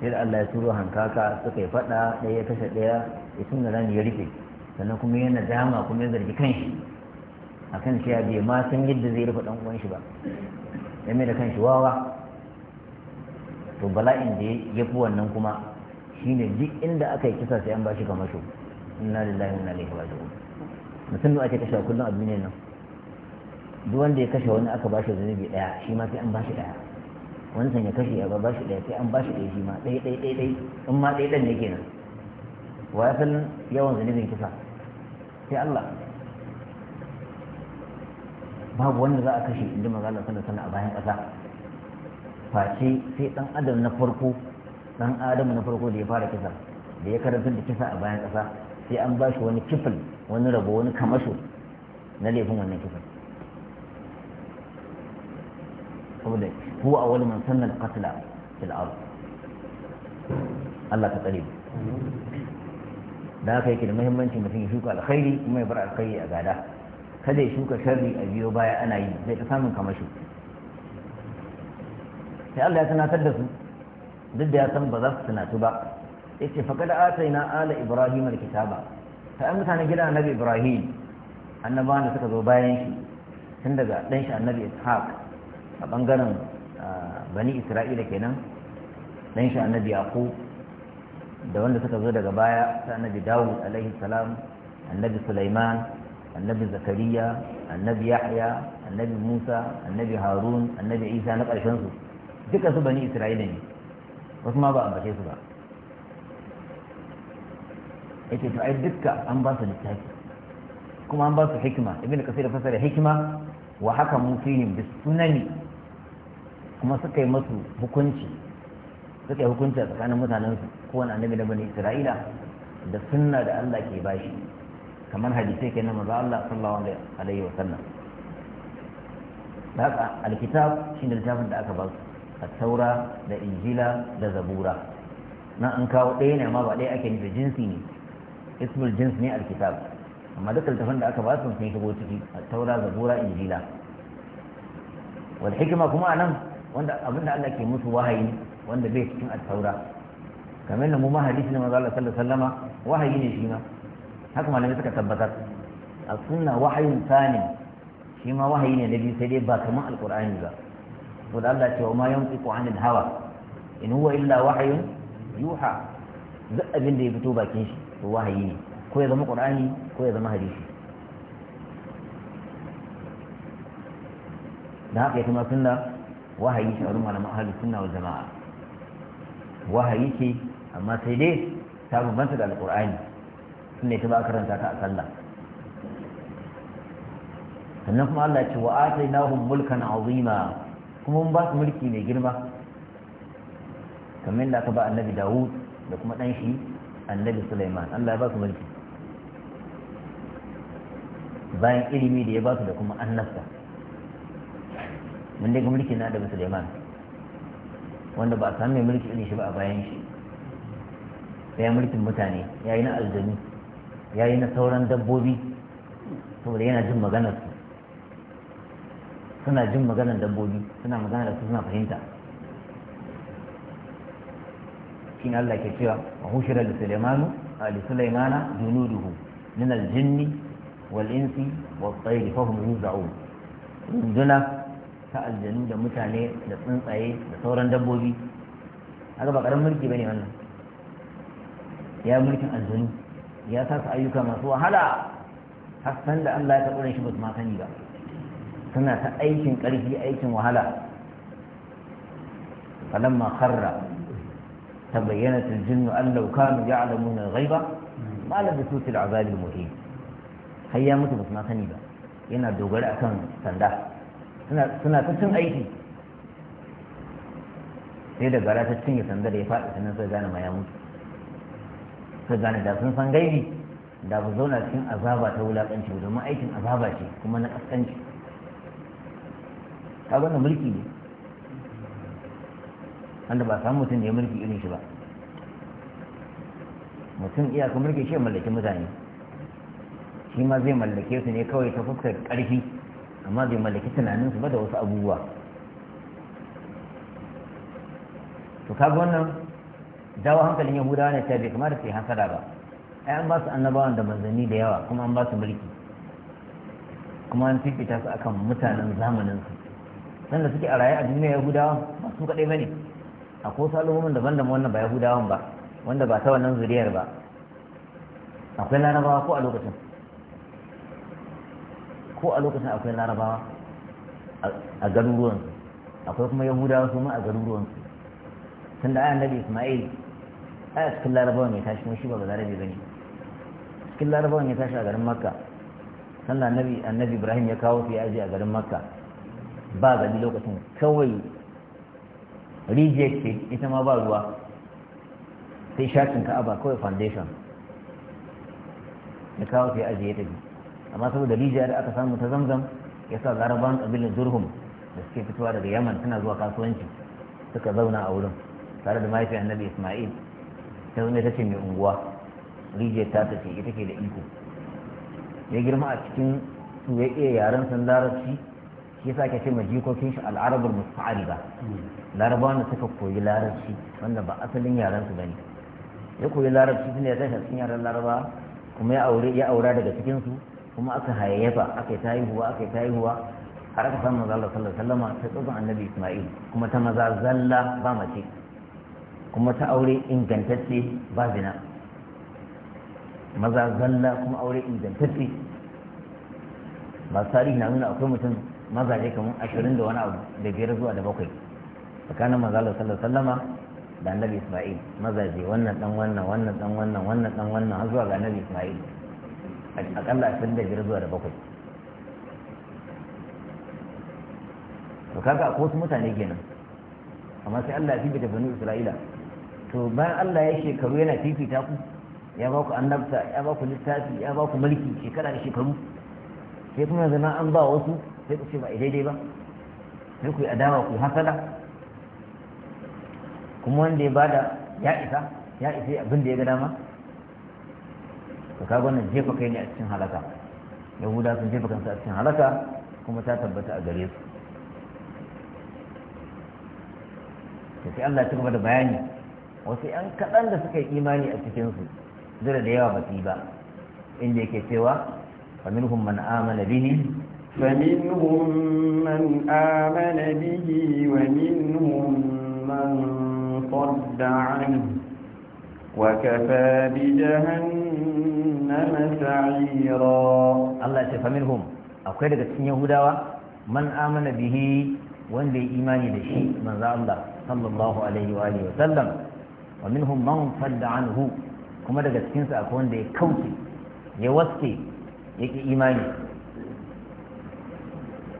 sai da Allah ya turo hankaka suka yi faɗa ɗaya ya kashe ɗaya ya tunda rami ya rufe sannan kuma yana dama kuma ya zargi kanshi akan cewa bai ma san yadda zai rufe ɗan uwan shi ba ya mai da kanshi wawa to bala'in da ya fi wannan kuma shine duk inda aka yi kisa sai an bashi kamar shi inna lillahi wa inna ilaihi raji'un mutum da ake kashe kullum a duniyar nan duk wanda ya kashe wani aka bashi zunubi daya shi ma sai an bashi daya wani san ya kashe ya bashi daya sai an bashi daya shi ma dai dai dai dai in ma dai ɗan ne kenan wa ya san yawan zunubin kisa sai Allah babu wanda za a kashe inda manzo Allah sallallahu alaihi wasallam a bayan ƙasa face sai dan adam na farko dan adam na farko da ya fara kisa da ya karanta da kisa a bayan kasa sai an ba shi wani kifin wani rabo wani kamasho na laifin wannan kifin saboda huwa awwal man sanna al fil ard Allah ta tsare da haka yake da muhimmanci mutum ya shuka alkhairi kuma ya bar alkhairi a gada kada ya shuka sharri a biyo baya ana yi zai ta samun kamasho. sai Allah ya tunatar da su duk da ya san ba za su tunatu ba yace faqad ataina ala ibrahim alkitaba sai an mutane gida annabi ibrahim annabawan da suka zo bayan shi tun daga dan shi annabi ishaq a bangaren bani isra'ila kenan dan shi annabi yaqub da wanda suka zo daga baya ta annabi dawud alaihi salam annabi sulaiman annabi zakariya annabi yahya annabi musa annabi harun annabi isa na ƙarshen su duka su bani isra'ila ne wasu ma ba ambace su ba yake to ai duka an ba su littafi kuma an ba su hikima ibn kasir fasara hikima wa haka mun fihim da sunani kuma suka yi masu hukunci suka yi hukunci a tsakanin mutanen su kowane annabi na bani isra'ila da sunna da Allah ke bashi kamar hadisai kenan maza Allah sallallahu alaihi wa sallam haka alkitab shine littafin da aka ba su taura da injila da zabura na an kawo ɗaya ne amma ba ɗaya ake nufi jinsi ne ismul jins ne alkitab amma duk littafin da aka ba su sun shigo ciki taura zabura injila wal hikima kuma a nan abinda Allah ke musu wahayi wanda bai cikin at-taura kamar da mu ma na manzo Allah sallallahu wahayi ne shi ma haka malamai suka tabbatar a sunna wahayin wahayi ne na biyu sai dai ba kamar alqur'ani ba saboda da Allah ce wa ma yantiqu anil hawa in huwa illa wahyun yuha duk abin da ya fito bakin shi to wahayi ne ko ya zama qur'ani ko ya zama hadisi da haka kuma sunna wahayi shi a wurin malaman ahlus sunna wa jama'a wahayi ce amma sai dai ta bambanta da alqur'ani sunna ita ba karanta ta a sallah sannan kuma Allah ya ce wa atainahum mulkan azima kuma ba su mulki mai girma kamar da aka ba annabi dawud da kuma ɗan shi annabi sulaiman allah ya ba su mulki bayan ilimi da ya ba su da kuma annabta mun daga mulki na da sulaiman wanda ba a samu mai mulki irin shi ba a bayan shi ya mulkin mutane ya yi na aljanu ya yi na sauran dabbobi saboda yana jin maganar su suna jin maganar dabbobi suna magana da su suna fahimta shine Allah ke cewa wa hushira li sulaimanu li sulaimana junuduhu min al-jinni wal insi wat tayr fa hum yuzaun ta aljanu da mutane da tsuntsaye da sauran dabbobi haka ba karamin mulki bane wannan ya mulkin aljanu ya sa su ayyuka masu wahala har da Allah ya karɓi shi ba su ma sani ba suna ta aikin ƙarfi aikin wahala falamma kharra tabayyanat al-jinn an law kanu ya'lamuna al-ghaiba ma labithu fil 'adhab al-muhin har ya mutu basu ma sani ba yana dogara akan sanda suna suna ta cin aiki sai da gara ta cinye sandar ya faɗi sannan sai gane ma ya mutu sai gane da sun san gaibi da ba zauna cikin azaba ta wulaƙanci domin aikin azaba ce kuma na ƙasƙanci ka wannan mulki ne wanda ba samu mutum da ya mulki irin shi ba mutum iyaka mulki shi mallaki mutane shi ma zai mallake su ne kawai ta fuskar ƙarfi amma zai mallaki tunaninsu ba da wasu abubuwa to kaga wannan dawo hankalin yahudawa ne ta bai kamata su yi ba ai an ba su annabawan da manzanni da yawa kuma an ba su mulki kuma an fifita su akan mutanen zamaninsu sanda suke a raye a duniya yahudawan ba su kaɗai ba ne a ko salomomin daban da wannan ba yahudawan ba wanda ba ta wannan zuriyar ba akwai larabawa ko a lokacin ko a lokacin akwai larabawa a garuruwansu akwai kuma yahudawa su ma a garuruwansu tun da ayan nabi ismail a cikin larabawan ya tashi shi ba ba zarabe ba ne cikin larabawan ya tashi a garin makka sannan annabi ibrahim ya kawo su ya aje a garin makka ba gani lokacin kawai rijiyar ce ita ma ba ruwa sai shakin ka'aba kawai foundation ya kawo sai ajiye ta amma saboda rijiyar da aka samu ta zamzam ya sa larabawan ƙabilar durhum da suke fitowa daga yaman suna zuwa kasuwanci suka zauna a wurin tare da mahaifin annabi ismail ta zama ta ce mai unguwa rijiyar ta ta ce ita ke da iko ya girma a cikin su ya iya yaren sun larabci shi sa ke ce ma jikokin shi al'arabul ba. larabawa da suka koyi larabci wanda ba asalin yaran su bane ya koyi larabci tun ya tashi cikin yaran laraba kuma ya aure ya aura daga cikin su kuma aka hayayyafa aka ta haihuwa aka ta haihuwa har aka samu manzo Allah sallallahu alaihi wasallam ta tsotson annabi Isma'il kuma ta maza zalla ba mace kuma ta aure ingantacce ba zina maza zalla kuma aure ingantacce ba tarihi na nuna akwai mutum mazaje kamar ashirin da wani abu da biyar zuwa da bakwai tsakanin manzala sallallahu sallama da annabi isma'il mazaje wannan dan wannan wannan dan wannan wannan dan wannan har zuwa ga annabi isma'il akalla ashirin da biyar zuwa da bakwai to kaga akwai wasu mutane kenan amma sai Allah ya fi da bani Isra'ila to bayan Allah ya shekaru yana fifita ku ya ba ku annabta ya ba ku littafi ya ba ku mulki shekara da shekaru sai kuma na an ba wasu sai ku ce ba daidai ba sai ku yi adawa ku hasala kuma wanda ya bada ya isa ya isa abin da ya ga dama to kaga wannan jefa kai ne a cikin halaka yahuda sun jefa kansu a cikin halaka kuma ta tabbata a gare su ta sai Allah ya cigaba da bayani wasu ‘yan kaɗan da suka yi imani a cikinsu zira da yawa ba su yi ba inda yake cewa famin man amala bihi فمنهم من آمن به ومنهم من صد عنه وكفى بجهنم سعيرا الله يتفى منهم أقول لك تسمي يهودا من آمن به وان بي إيماني لشيء من ذا الله صلى الله عليه وآله وسلم ومنهم من صد عنه كما لك تسمي سأكون دي كوتي يوسكي يكي إيماني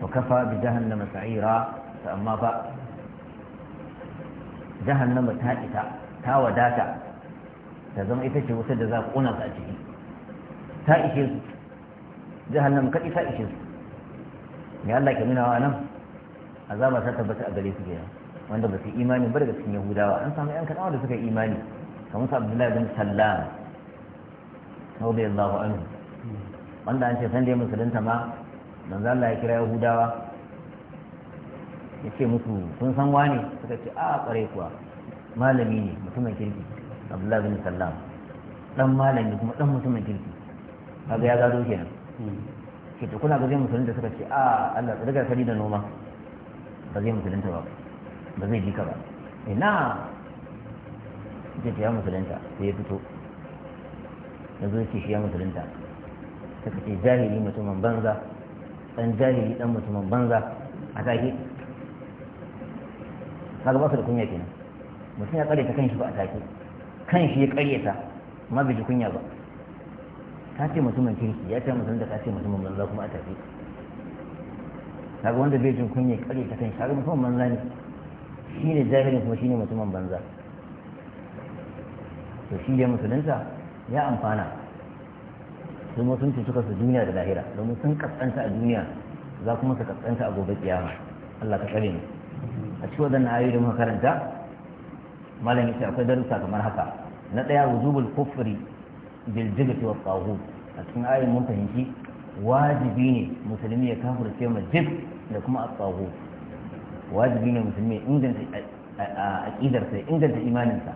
وكفى بجهنم سعيرا فأما فا جهنم تائتا تا وداتا تزم إتشي وسد ذا قنا فأتشي تائشي جهنم كأي تائشي ya Allah ke nuna wa nan azaba ta tabbata a gare su kenan wanda ba su imani ba daga cikin yahudawa an samu yan kaɗan suka yi imani kamar su abdullahi bin sallam wanda an ce san musulunta ma manzo Allah ya kira yahudawa ya ce musu sun san wani suka ce a ah, kware kuwa malami ne mutumin kirki abdullahi bin sallam dan malami kuma dan mutumin kirki kaga ya gado kenan ke to kuna ga zai musulunta suka ce a ah, Allah ka daga kari da noma ba zai musulunta ba ba zai ji ba ina ce ya ta sai ya fito ya zo ce shi ya ta suka ce jahili mutumin banza dan jahili dan mutumin banza a take kaga ba su da kunya kenan mutum ya karyata kan shi ba a take kan shi ya ta amma bai ji kunya ba ka ce mutumin kirki ya ce mutum da ka ce mutumin banza kuma a take kaga wanda bai jin kunya ya ta kan shi kaga mutumin banza ne shi ne jahilin kuma shi ne mutumin banza to shi dai musulunta ya amfana su sun sun cuci su duniya da lahira domin sun kaskanta a duniya za kuma su kaskanta a gobe kiyama Allah ka tsare mu a cikin wadannan ayoyi da muka karanta malam yace akwai darussa kamar haka na daya wujubul kufri bil jibti wa taghut a cikin ayoyin mun fahimci wajibi ne musulmi ya kafirce ma jib da kuma at wajibi ne musulmi ya inganta aqidarsa ya inganta imaninsa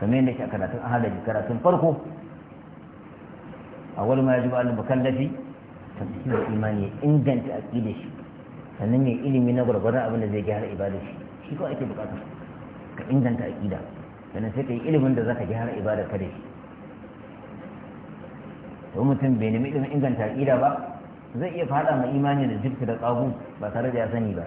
kamar yadda yake a karatun ahadari karatun farko awwal ma yajibu al mukallafi tafsir imani inganta aqidar shi sannan ya ilimi na gwargwaron abin da zai gyara ibadar shi shi kawai ake bukata ka inganta aqida sannan sai ka yi ilimin da za ka gyara ibadar ka da shi to mutum bai nemi ilimin inganta aqida ba zai iya fada ma imani da jibta da tsagu ba tare da ya sani ba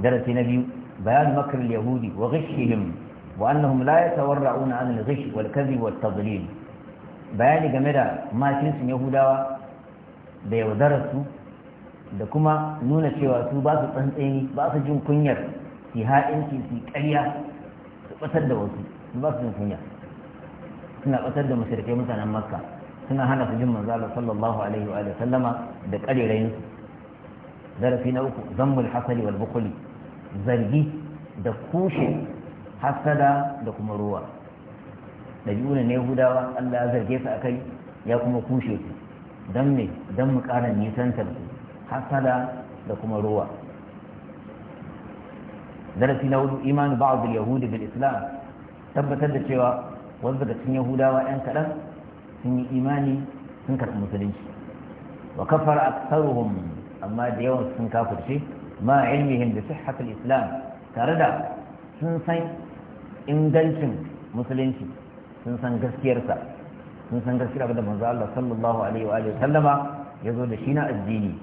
darasi na biyu bayan makar yahudi wa ghishihim wa annahum la yatawarra'una 'an al-ghish wal kadhib wal tadlil bayani game da makinsin yahudawa da yaudararsu da kuma nuna cewa su ba su tsantseni ba su jin kunyar su ha'inci su karya su batar da wasu su ba su jin kunya suna batar da mashirkai mutanen makka suna hana su jin manzala sallallahu alaihi wa sallama da karerayin zarafi na uku zambul hasali wal bukuli zargi da kushe hasada da kuma ruwa ɗabi'u ne yahudawa allah ya zarge su a kai ya kuma kushe su don me don mu ƙara nisantar su hasada da kuma ruwa darasi na hudu imanu ba'd yahudi bil islam tabbatar da cewa wasu daga cikin yahudawa yan kaɗan sun yi imani sun karɓi musulunci wa kafar aksaruhum amma da yawan sun kafirce ma ilmihim bi sihhatil islam tare da sun san ingancin musulunci sun san gaskiyarsa sun san gaskiyar abin da manzo Allah sallallahu alaihi wa alihi sallama yazo da shi na addini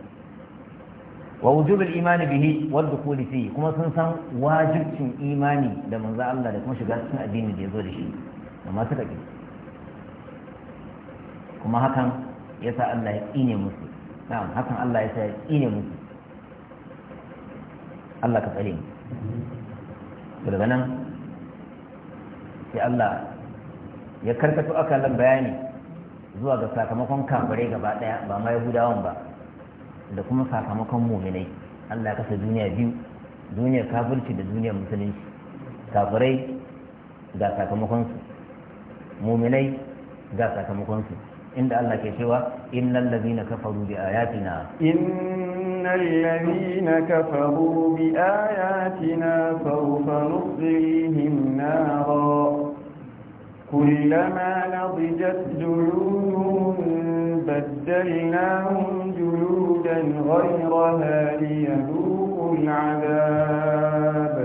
wa wujub al-iman bihi wa dukhul fi kuma sun san wajibcin imani da manzo Allah da kuma shiga cikin addini da yazo da shi amma suka ki kuma hakan yasa Allah ya kine musu na'am hakan Allah yasa ya kine musu Allah ka tsare mu daga nan sai Allah ya karkato akalan bayani zuwa ga sakamakon kafirai gaba daya ba ma yahudawan ba da kuma sakamakon muminai allah ya kasa duniya biyu duniyar kafirci da duniyar musulunci kafirai ga sakamakonsu muminai ga sakamakonsu inda allah ke cewa innal ladina kafaru bi ayatina kafaru bi ayatina sauka سوف نصليهم نارا كلما نضجت جلودهم بدلناهم جلودا غيرها ليذوقوا العذاب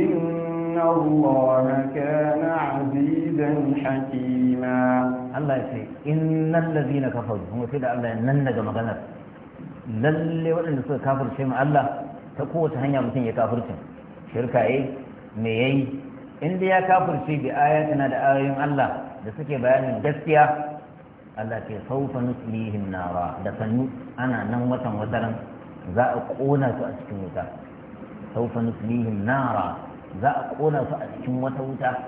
إن الله كان عزيزا حكيما الله يسعي إن الذين كفروا هم يقول الله ننجا مغنر lalle waɗanda suka kafirce mu Allah ta kowace hanya mutum ايه kafirce shirka in dai ya kafirce bi ayatina da ayoyin Allah da suke bayanin gaskiya Allah ke saufa nuslihim nara da sannu ana nan watan wataran za a kona su a cikin wuta saufa nuslihim nara za a kona su a cikin wata wuta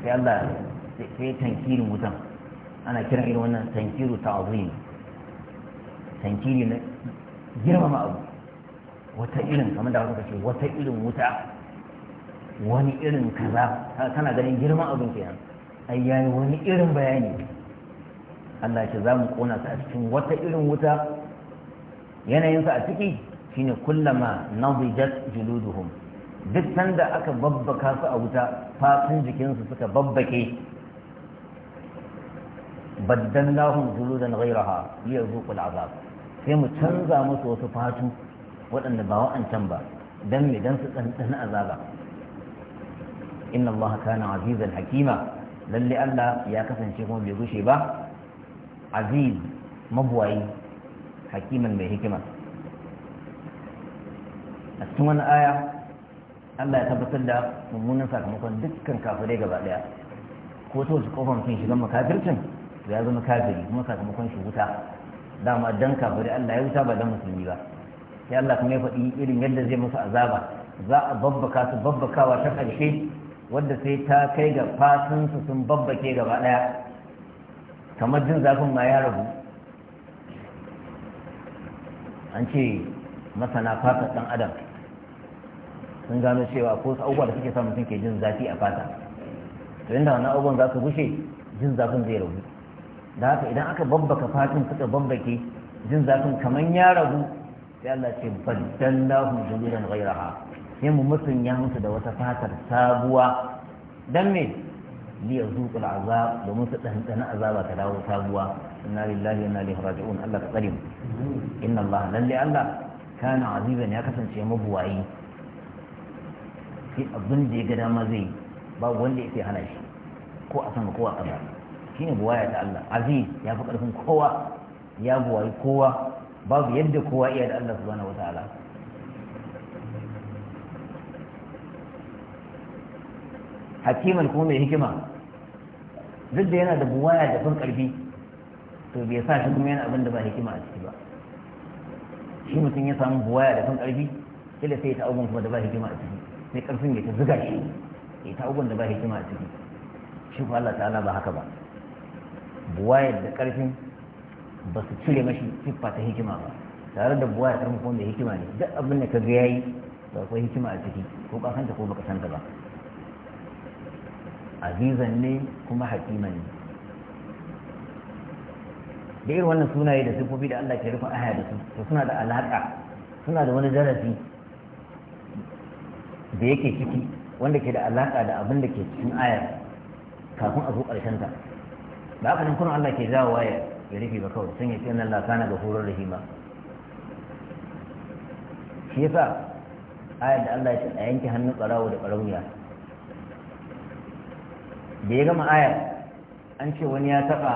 sai Allah sai tankirin wutan ana kiran irin wannan tankiru ta'zim tankiri na girmama abu wata irin kamar da haka ce wata irin wuta wani irin kaza tana ganin girman abin kenan ai yayi wani irin bayani Allah ce za mu kona su a cikin wata irin wuta yanayinsa a ciki shine kullama nadijat juluduhum duk sanda aka babbaka su a wuta fatan jikinsu suka babbake baddallahum juludan ghayraha liyazuqul azab sai mu canza musu wasu fatu waɗanda ba wa'ancan ba dan me dan su ɗanɗana azaba inna allaha kana azizan hakima lalle Allah ya kasance kuma bai gushe ba aziz mabwayi hakiman mai hikima a cikin wani aya Allah ya tabbatar da mummunan sakamakon dukkan kafirai gaba daya ko ta wasu kofar mutum shigan makafircin to ya zama kafiri kuma sakamakon shi wuta dama dan kafiri Allah ya wuta ba dan musulmi ba sai Allah kuma ya faɗi irin yadda zai musu azaba za a babbaka su babbakawa ta ƙarshe wadda sai ta kai ga fatansu sun babbake gaba daya kamar jin zafin ma ya rabu an ce masana fata ɗan adam sun gano cewa ko su abubuwa da suke samun sun ke jin zafi a fata to inda wannan abubuwan za su gushe jin zafin zai rabu da haka idan aka babbaka fatin suka babbake jin zafin kamar ya rabu sai Allah ce baddallahu jamilan ghairaha sai mu musanya musu da wata fatar sabuwa don me liya zuqul azab domin su dandana azaba ta dawo sabuwa inna lillahi wa inna ilaihi raji'un Allah ka tsare mu inna Allah lalle Allah kana azizan ya kasance mabuwayi sai abin da ya ga dama zai babu wanda yake hana shi ko a sama kowa a ƙasa shine buwaya ta Allah aziz ya fi ƙarfin kowa ya buwayi kowa babu yadda kowa iya da Allah subhanahu wataala hakiman kuma mai hikima duk da yana da buwaya da fin karfi to bai sa shi kuma yana abin da ba hikima a ciki ba shi mutum ya samu buwaya da fin karfi kila sai ta abubuwan kuma da ba hikima a ciki sai karfin ya ta zuga shi ya ta abubuwan da ba hikima a ciki shi ko Allah ta'ala ba haka ba buwaya da karfin ba su cire mashi siffa ta hikima ba tare da buwaya karfin kuma mai hikima ne duk abin da ka ga yayi ba akwai hikima a ciki ko ka santa ko baka santa ba azizan ne kuma hakiman ne da irin wannan sunaye da sifofi da Allah ke rufe aya da su to suna da alaƙa suna da wani darasi da yake ciki wanda ke da alaƙa da abin da ke cikin ayar kafin a zo ƙarshen ta ba haka nan kuma Allah ke jawo waya ya rufe ba kawai sun yace nan Allah kana ga horar rahima shi yasa ayar da Allah ya ce a yanke hannun ƙarawo da ƙarauniya da ya gama ayar an ce wani ya taɓa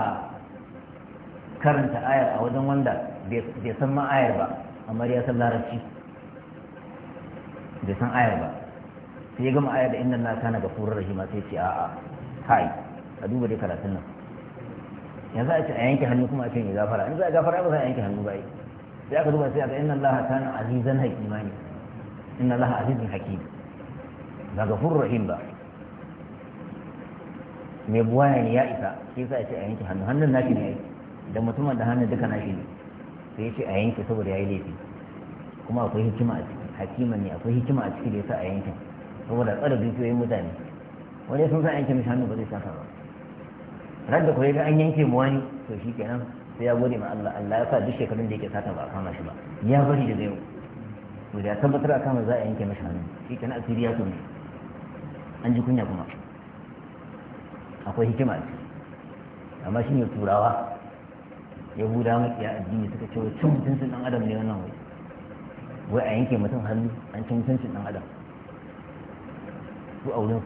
karanta ayar a wajen wanda bai san ma ayar ba amma ya san larabci bai san ayar ba sai ya gama ayar da inda na kana ga furar rahima sai ce a'a kai a duba dai karatun nan yanzu a ce a yanke hannu kuma a ce ne gafara in za a gafara ba za a yanke hannu ba sai aka duba sai aka inna allaha kana azizan hakima ne inna allaha azizan hakim ba gafurur rahim ba mai buwaya ne ya isa shi yasa ya ce a yanke hannu hannun nashi ne yayi da mutumin da hannun duka nashi ne sai ya ce a yanke saboda ya yi laifi kuma akwai hikima a ciki hakiman ne akwai hikima a ciki da yasa a yanke saboda tsara dukiyoyin mutane wani sun san yanke mishi hannu ba zai shafa ba ran da kuwa ga an yanke mu wani to shi kenan sai ya gode ma Allah Allah ya sa duk shekarun da yake sata ba a kama shi ba ya bari da zai to da ya tabbatar a kama za a yanke mishi hannu shi kenan asiri ya tuni an ji kunya kuma akwai hikima ce amma shi ne turawa yahuda makiya addini suka ce cin mutuncin dan adam ne wannan wai wai a yanke mutum hannu an cin mutuncin dan adam ku a wurin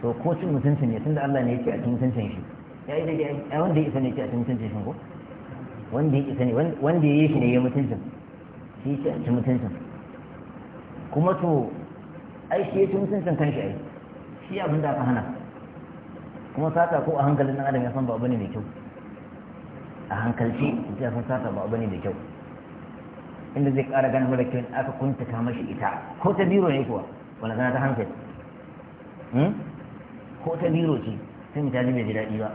to ko cin mutuncin ne tunda Allah ne yake a cin mutuncin shi ya yi daidai ai wanda ya isa ne yake a cin mutuncin shi ko wanda ya isa ne wanda ya yi shi ne ya mutuncin shi yake a cin mutuncin kuma to ai shi ya cin mutuncin kanshi ai shi abin da aka hana kuma sata ko a hankalin adam ya san ba abu ne mai kyau a hankalci ya san sata ba abu ne mai kyau inda zai ƙara ganin mara kyau aka kunta ka mashi ita ko ta biro ne kuwa wala zana ta hankali hmm? ko ta biro ce sai mu bai ji daɗi ba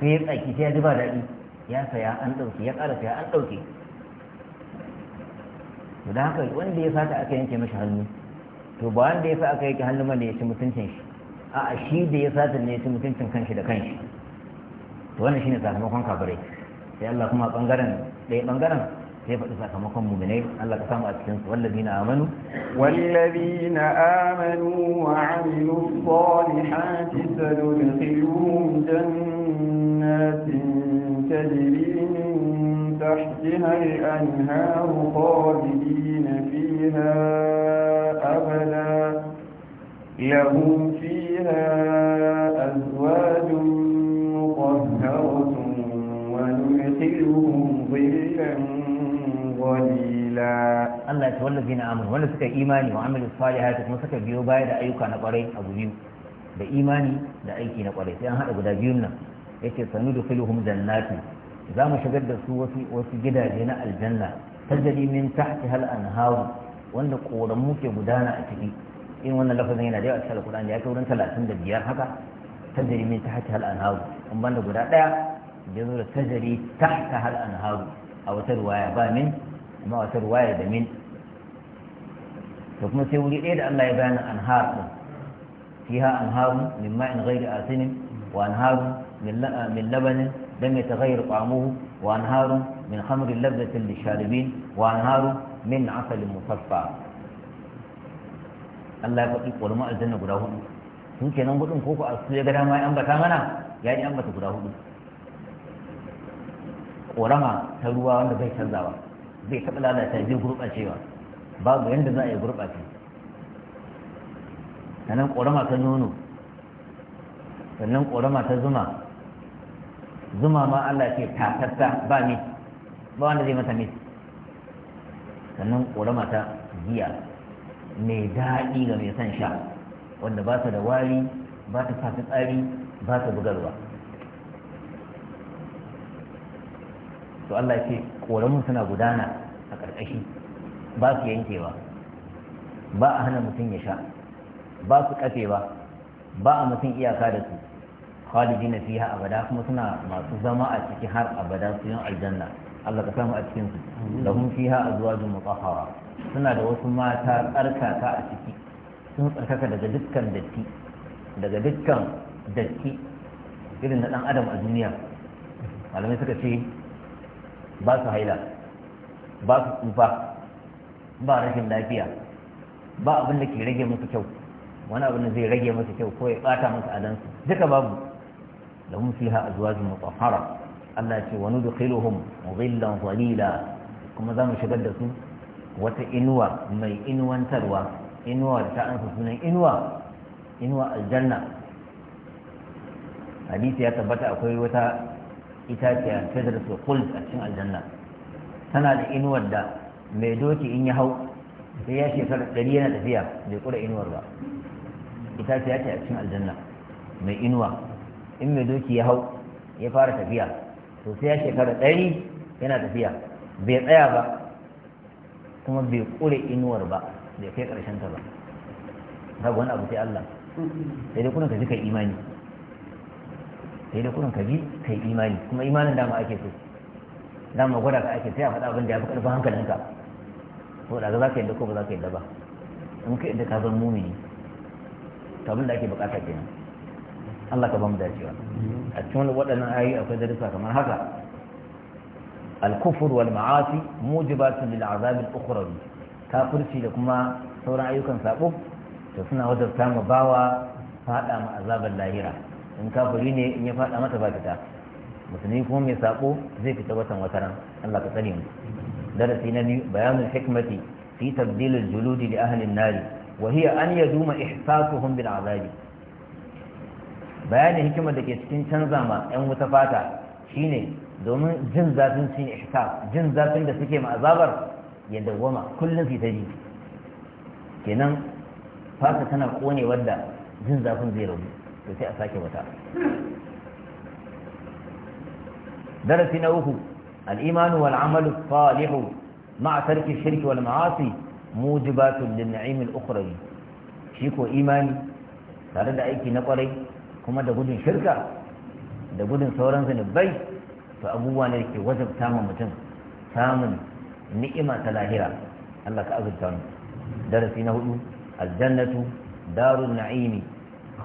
sai ya tsaki sai ya ji ba daɗi ya saya an ɗauke ya ƙara saya an ɗauke to da haka wanda ya sata aka yanke mashi hannu to ba wanda ya sa aka yanke hannu ma da ya ci mutuncin shi a shi da ya satar ne shi mutuncin kanshi da kanshi to wannan shine sakamakon kafirai sai Allah kuma bangaren ɗaya bangaren sai faɗi sakamakon muminai Allah ka samu a cikin su wallazina amanu wallazina amanu wa amilu salihati sanudkhiluhum jannatin tajri min tahtiha al-anhar khalidina fiha abada لهم فيها أزواج مطهرة وندخلهم ظلا ظليلا Allah ya wallafi na amin wanda suka imani wa amilu salihati kuma suka biyo baya da ayyuka na kwarai abu biyu da imani da aiki na kwarai sai an hada guda biyun nan yace da jannati za mu shigar da su wasu wasu gidaje na aljanna tajri min tahtiha al-anhar wanda koran ke gudana a ciki in wannan lafazin yana da yawa cikin alkur'ani ya kai wurin talatin da biyar haka tajari min ta hata al'anharu in banda guda ɗaya da zo da tajari ta hata al'anharu a wata ruwaya ba min amma wata ruwaya da min to kuma sai wuri ɗaya da Allah ya bayanin anhar ɗin fiha anharu min ma'in ghairi asinin wa min anharu من لبن لم يتغير طعمه وأنهار من خمر لذة للشاربين وأنهار من 'asalin musaffa Allah ya faɗi ƙoramin aljanna guda hudu sun kenan hudun koko a su ya ga dama ya ambata mana ya yi ambata guda hudu ƙorama ta ruwa wanda bai canzawa bai taɓa lalata zai gurɓacewa babu yadda za a yi gurɓace sannan ƙorama ta nono sannan ƙorama ta zuma zuma ma Allah ce tatarta ba ne ba wanda zai mata ne sannan ƙorama ta giya mai daɗi ga mai son sha wanda ba ta da wari ba ta sa tsari ba ta bugarwa to Allah ce mu suna gudana a ƙarƙashi ba su yankewa ba a hana mutum ya sha ba su kafe ba ba a mutum iyaka da su khalidi na fiha abada kuma suna masu zama a ciki har abada su yin aljanna Allah ka samu a cikin su lahum fiha azwajun mutahhara suna da wasu mata tsarkaka a ciki sun tsarkaka daga dukkan datti daga dukkan datti irin na dan adam a duniya malamai suka ce ba su haila ba su tsufa ba rashin lafiya ba abin da ke rage musu kyau wani abin da zai rage musu kyau ko ya bata musu adansu duka babu da mun fiha azwajun mutahhara Allah ce wa nudkhiluhum mudhillan zalila kuma za mu shigar da su wata inuwa mai inuwantarwa inuwa ta an sunan inuwa inuwa aljanna hadisi ya tabbata akwai wata itaciya fedar su kul a cikin aljanna tana da inuwar da mai doki in ya hau sai ya shekara ɗari yana tafiya bai kura inuwar ba itaciya ce a cikin aljanna mai inuwa in mai doki ya hau ya fara tafiya to sai ya shekara ɗari yana tafiya bai tsaya ba kuma bai kure inuwar ba bai kai karshen ta ba babu wani abu sai Allah sai dai kunan ka ji kai imani sai dai kunan ka ji kai imani kuma imanin dama ake so dama gwada ka ake sai a faɗa abin da ya fi ƙarfin hankalinka ko da za ka yadda ko ba za ka yadda ba in ka yadda ka zan mumini to abin da ake bukata kenan Allah ka ba mu dacewa a cikin waɗannan ayoyi akwai darussa kamar haka al-kufr wal ma'asi mujibatun lil azab al-ukhrawi da kuma sauran ayyukan saɓo to suna wajabta mu bawa fada mu lahira in kafiri ne in ya faɗa mata ba fita musulmi kuma mai saɓo zai fita watan wataran Allah ka tsare mu darasi na biyu bayanin hikmati fi tabdilil juludi li ahli an-nari wa hiya an yaduma ihsasuhum bil azabi bayanin hikimar da ke cikin canza ma yan wuta fata shine domin jin zafin sun ihka jin zafin da suke ma'azabar ya dawwama kullum su ta ji kenan fata tana kone wadda jin zafin zai rabu to sai a sake wata darasi na uku tarki shirki wal ma'asi ترك lin na'im al ukhrawi shi ko imani tare da aiki na kwarai kuma da gudun shirka da gudun sauran zanubai to abubuwa ne ke wajabta ma mutum samun ni'ima ta lahira Allah ka azurta mu darasi na hudu aljannatu darun na'imi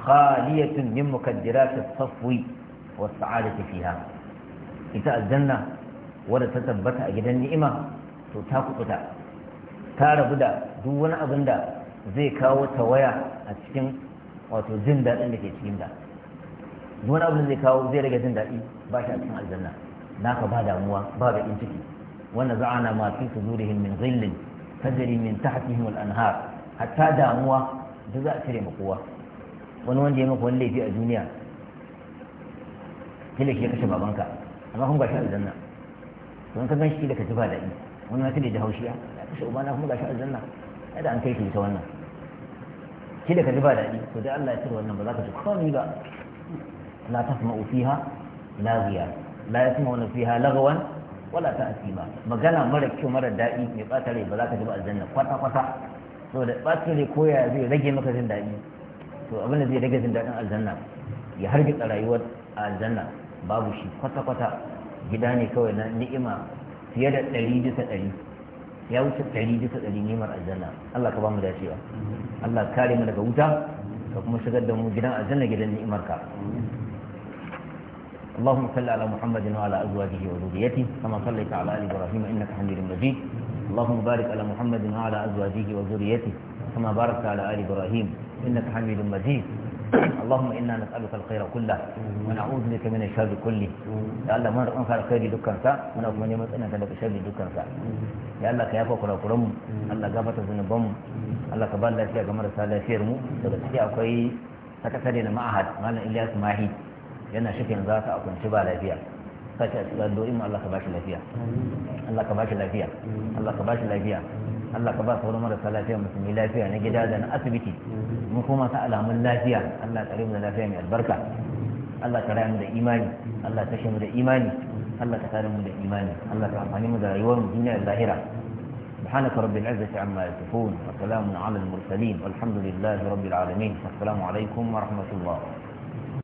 khaliyatun min mukaddirat as-safwi was-sa'adati fiha ita aljanna wadda ta tabbata a gidan ni'ima to ta kukuta ta rabu da duk wani abin da zai kawo ta waya a cikin wato jin daɗin da ke cikin da duk wani abin da zai kawo zai rage jin daɗi ba shi a cikin aljanna naka ba damuwa ba in ciki wanda za'ana ma fi sudurihim min ghillin tajri min tahtihim al-anhar hatta damuwa duk za a cire ma kowa wani wanda ya maka wani laifi a duniya kila shi ya kashe babanka amma kun gashi aljanna don ka ganshi kila ka ji ba daɗi wani ma kila da haushiya ah, ya kashe ubana kuma gashi aljanna kada an kai shi ta wannan kila ka ji ba daɗi to dai Allah ya tsira wannan ba za ka ji komai ba la tasma'u fiha laghiya la yasma'una fiha lagwan wala ta'sima magana mara kyau mara daɗi mai ɓata rai ba za ka ji ba aljanna kwata kwata saboda ɓata rai koya zai rage maka jin daɗi to abin da zai rage jin daɗin aljanna ya hargitsa rayuwar aljanna babu shi kwata kwata gida ne kawai na ni'ima fiye da ɗari bisa ɗari ya wuce ɗari bisa ɗari nemar aljanna Allah ka ba mu Allah kare mu daga wuta ka kuma shigar da mu gidan aljanna gidan ni'imarka اللهم صل على محمد وعلى أزواجه وذريته كما صليت على آل إبراهيم إنك حميد مجيد اللهم بارك على محمد وعلى أزواجه وذريته كما باركت على آل إبراهيم إنك حميد مجيد اللهم إنا نسألك الخير كله ونعوذ بك من الشر كله يا الله من أنفع الخير دكان سا من أكمل يوم أنك لك الشر دكان سا يا الله كيف أقول أقولهم الله جابت ذنوبهم الله كبار لا شيء كما رسالة شيرمو تبتدي أقوي سكترين معهد مالا إلياس ماهي yana shakin za ka a kunci ba lafiya sace a cikin addu'o'in mu Allah ka baki lafiya Allah ka baki lafiya Allah ka baki lafiya Allah ka ba sauran marasa lafiya musulmi lafiya na gida da na asibiti mu kuma ta alamun lafiya Allah ka mu da lafiya mai albarka Allah ka raya da imani Allah ka shemu da imani Allah ka tare mu da imani Allah ka amfani mu da rayuwar mu duniya da lahira سبحانك رب العزة عما يصفون وسلام على المرسلين والحمد لله رب العالمين والسلام عليكم ورحمة الله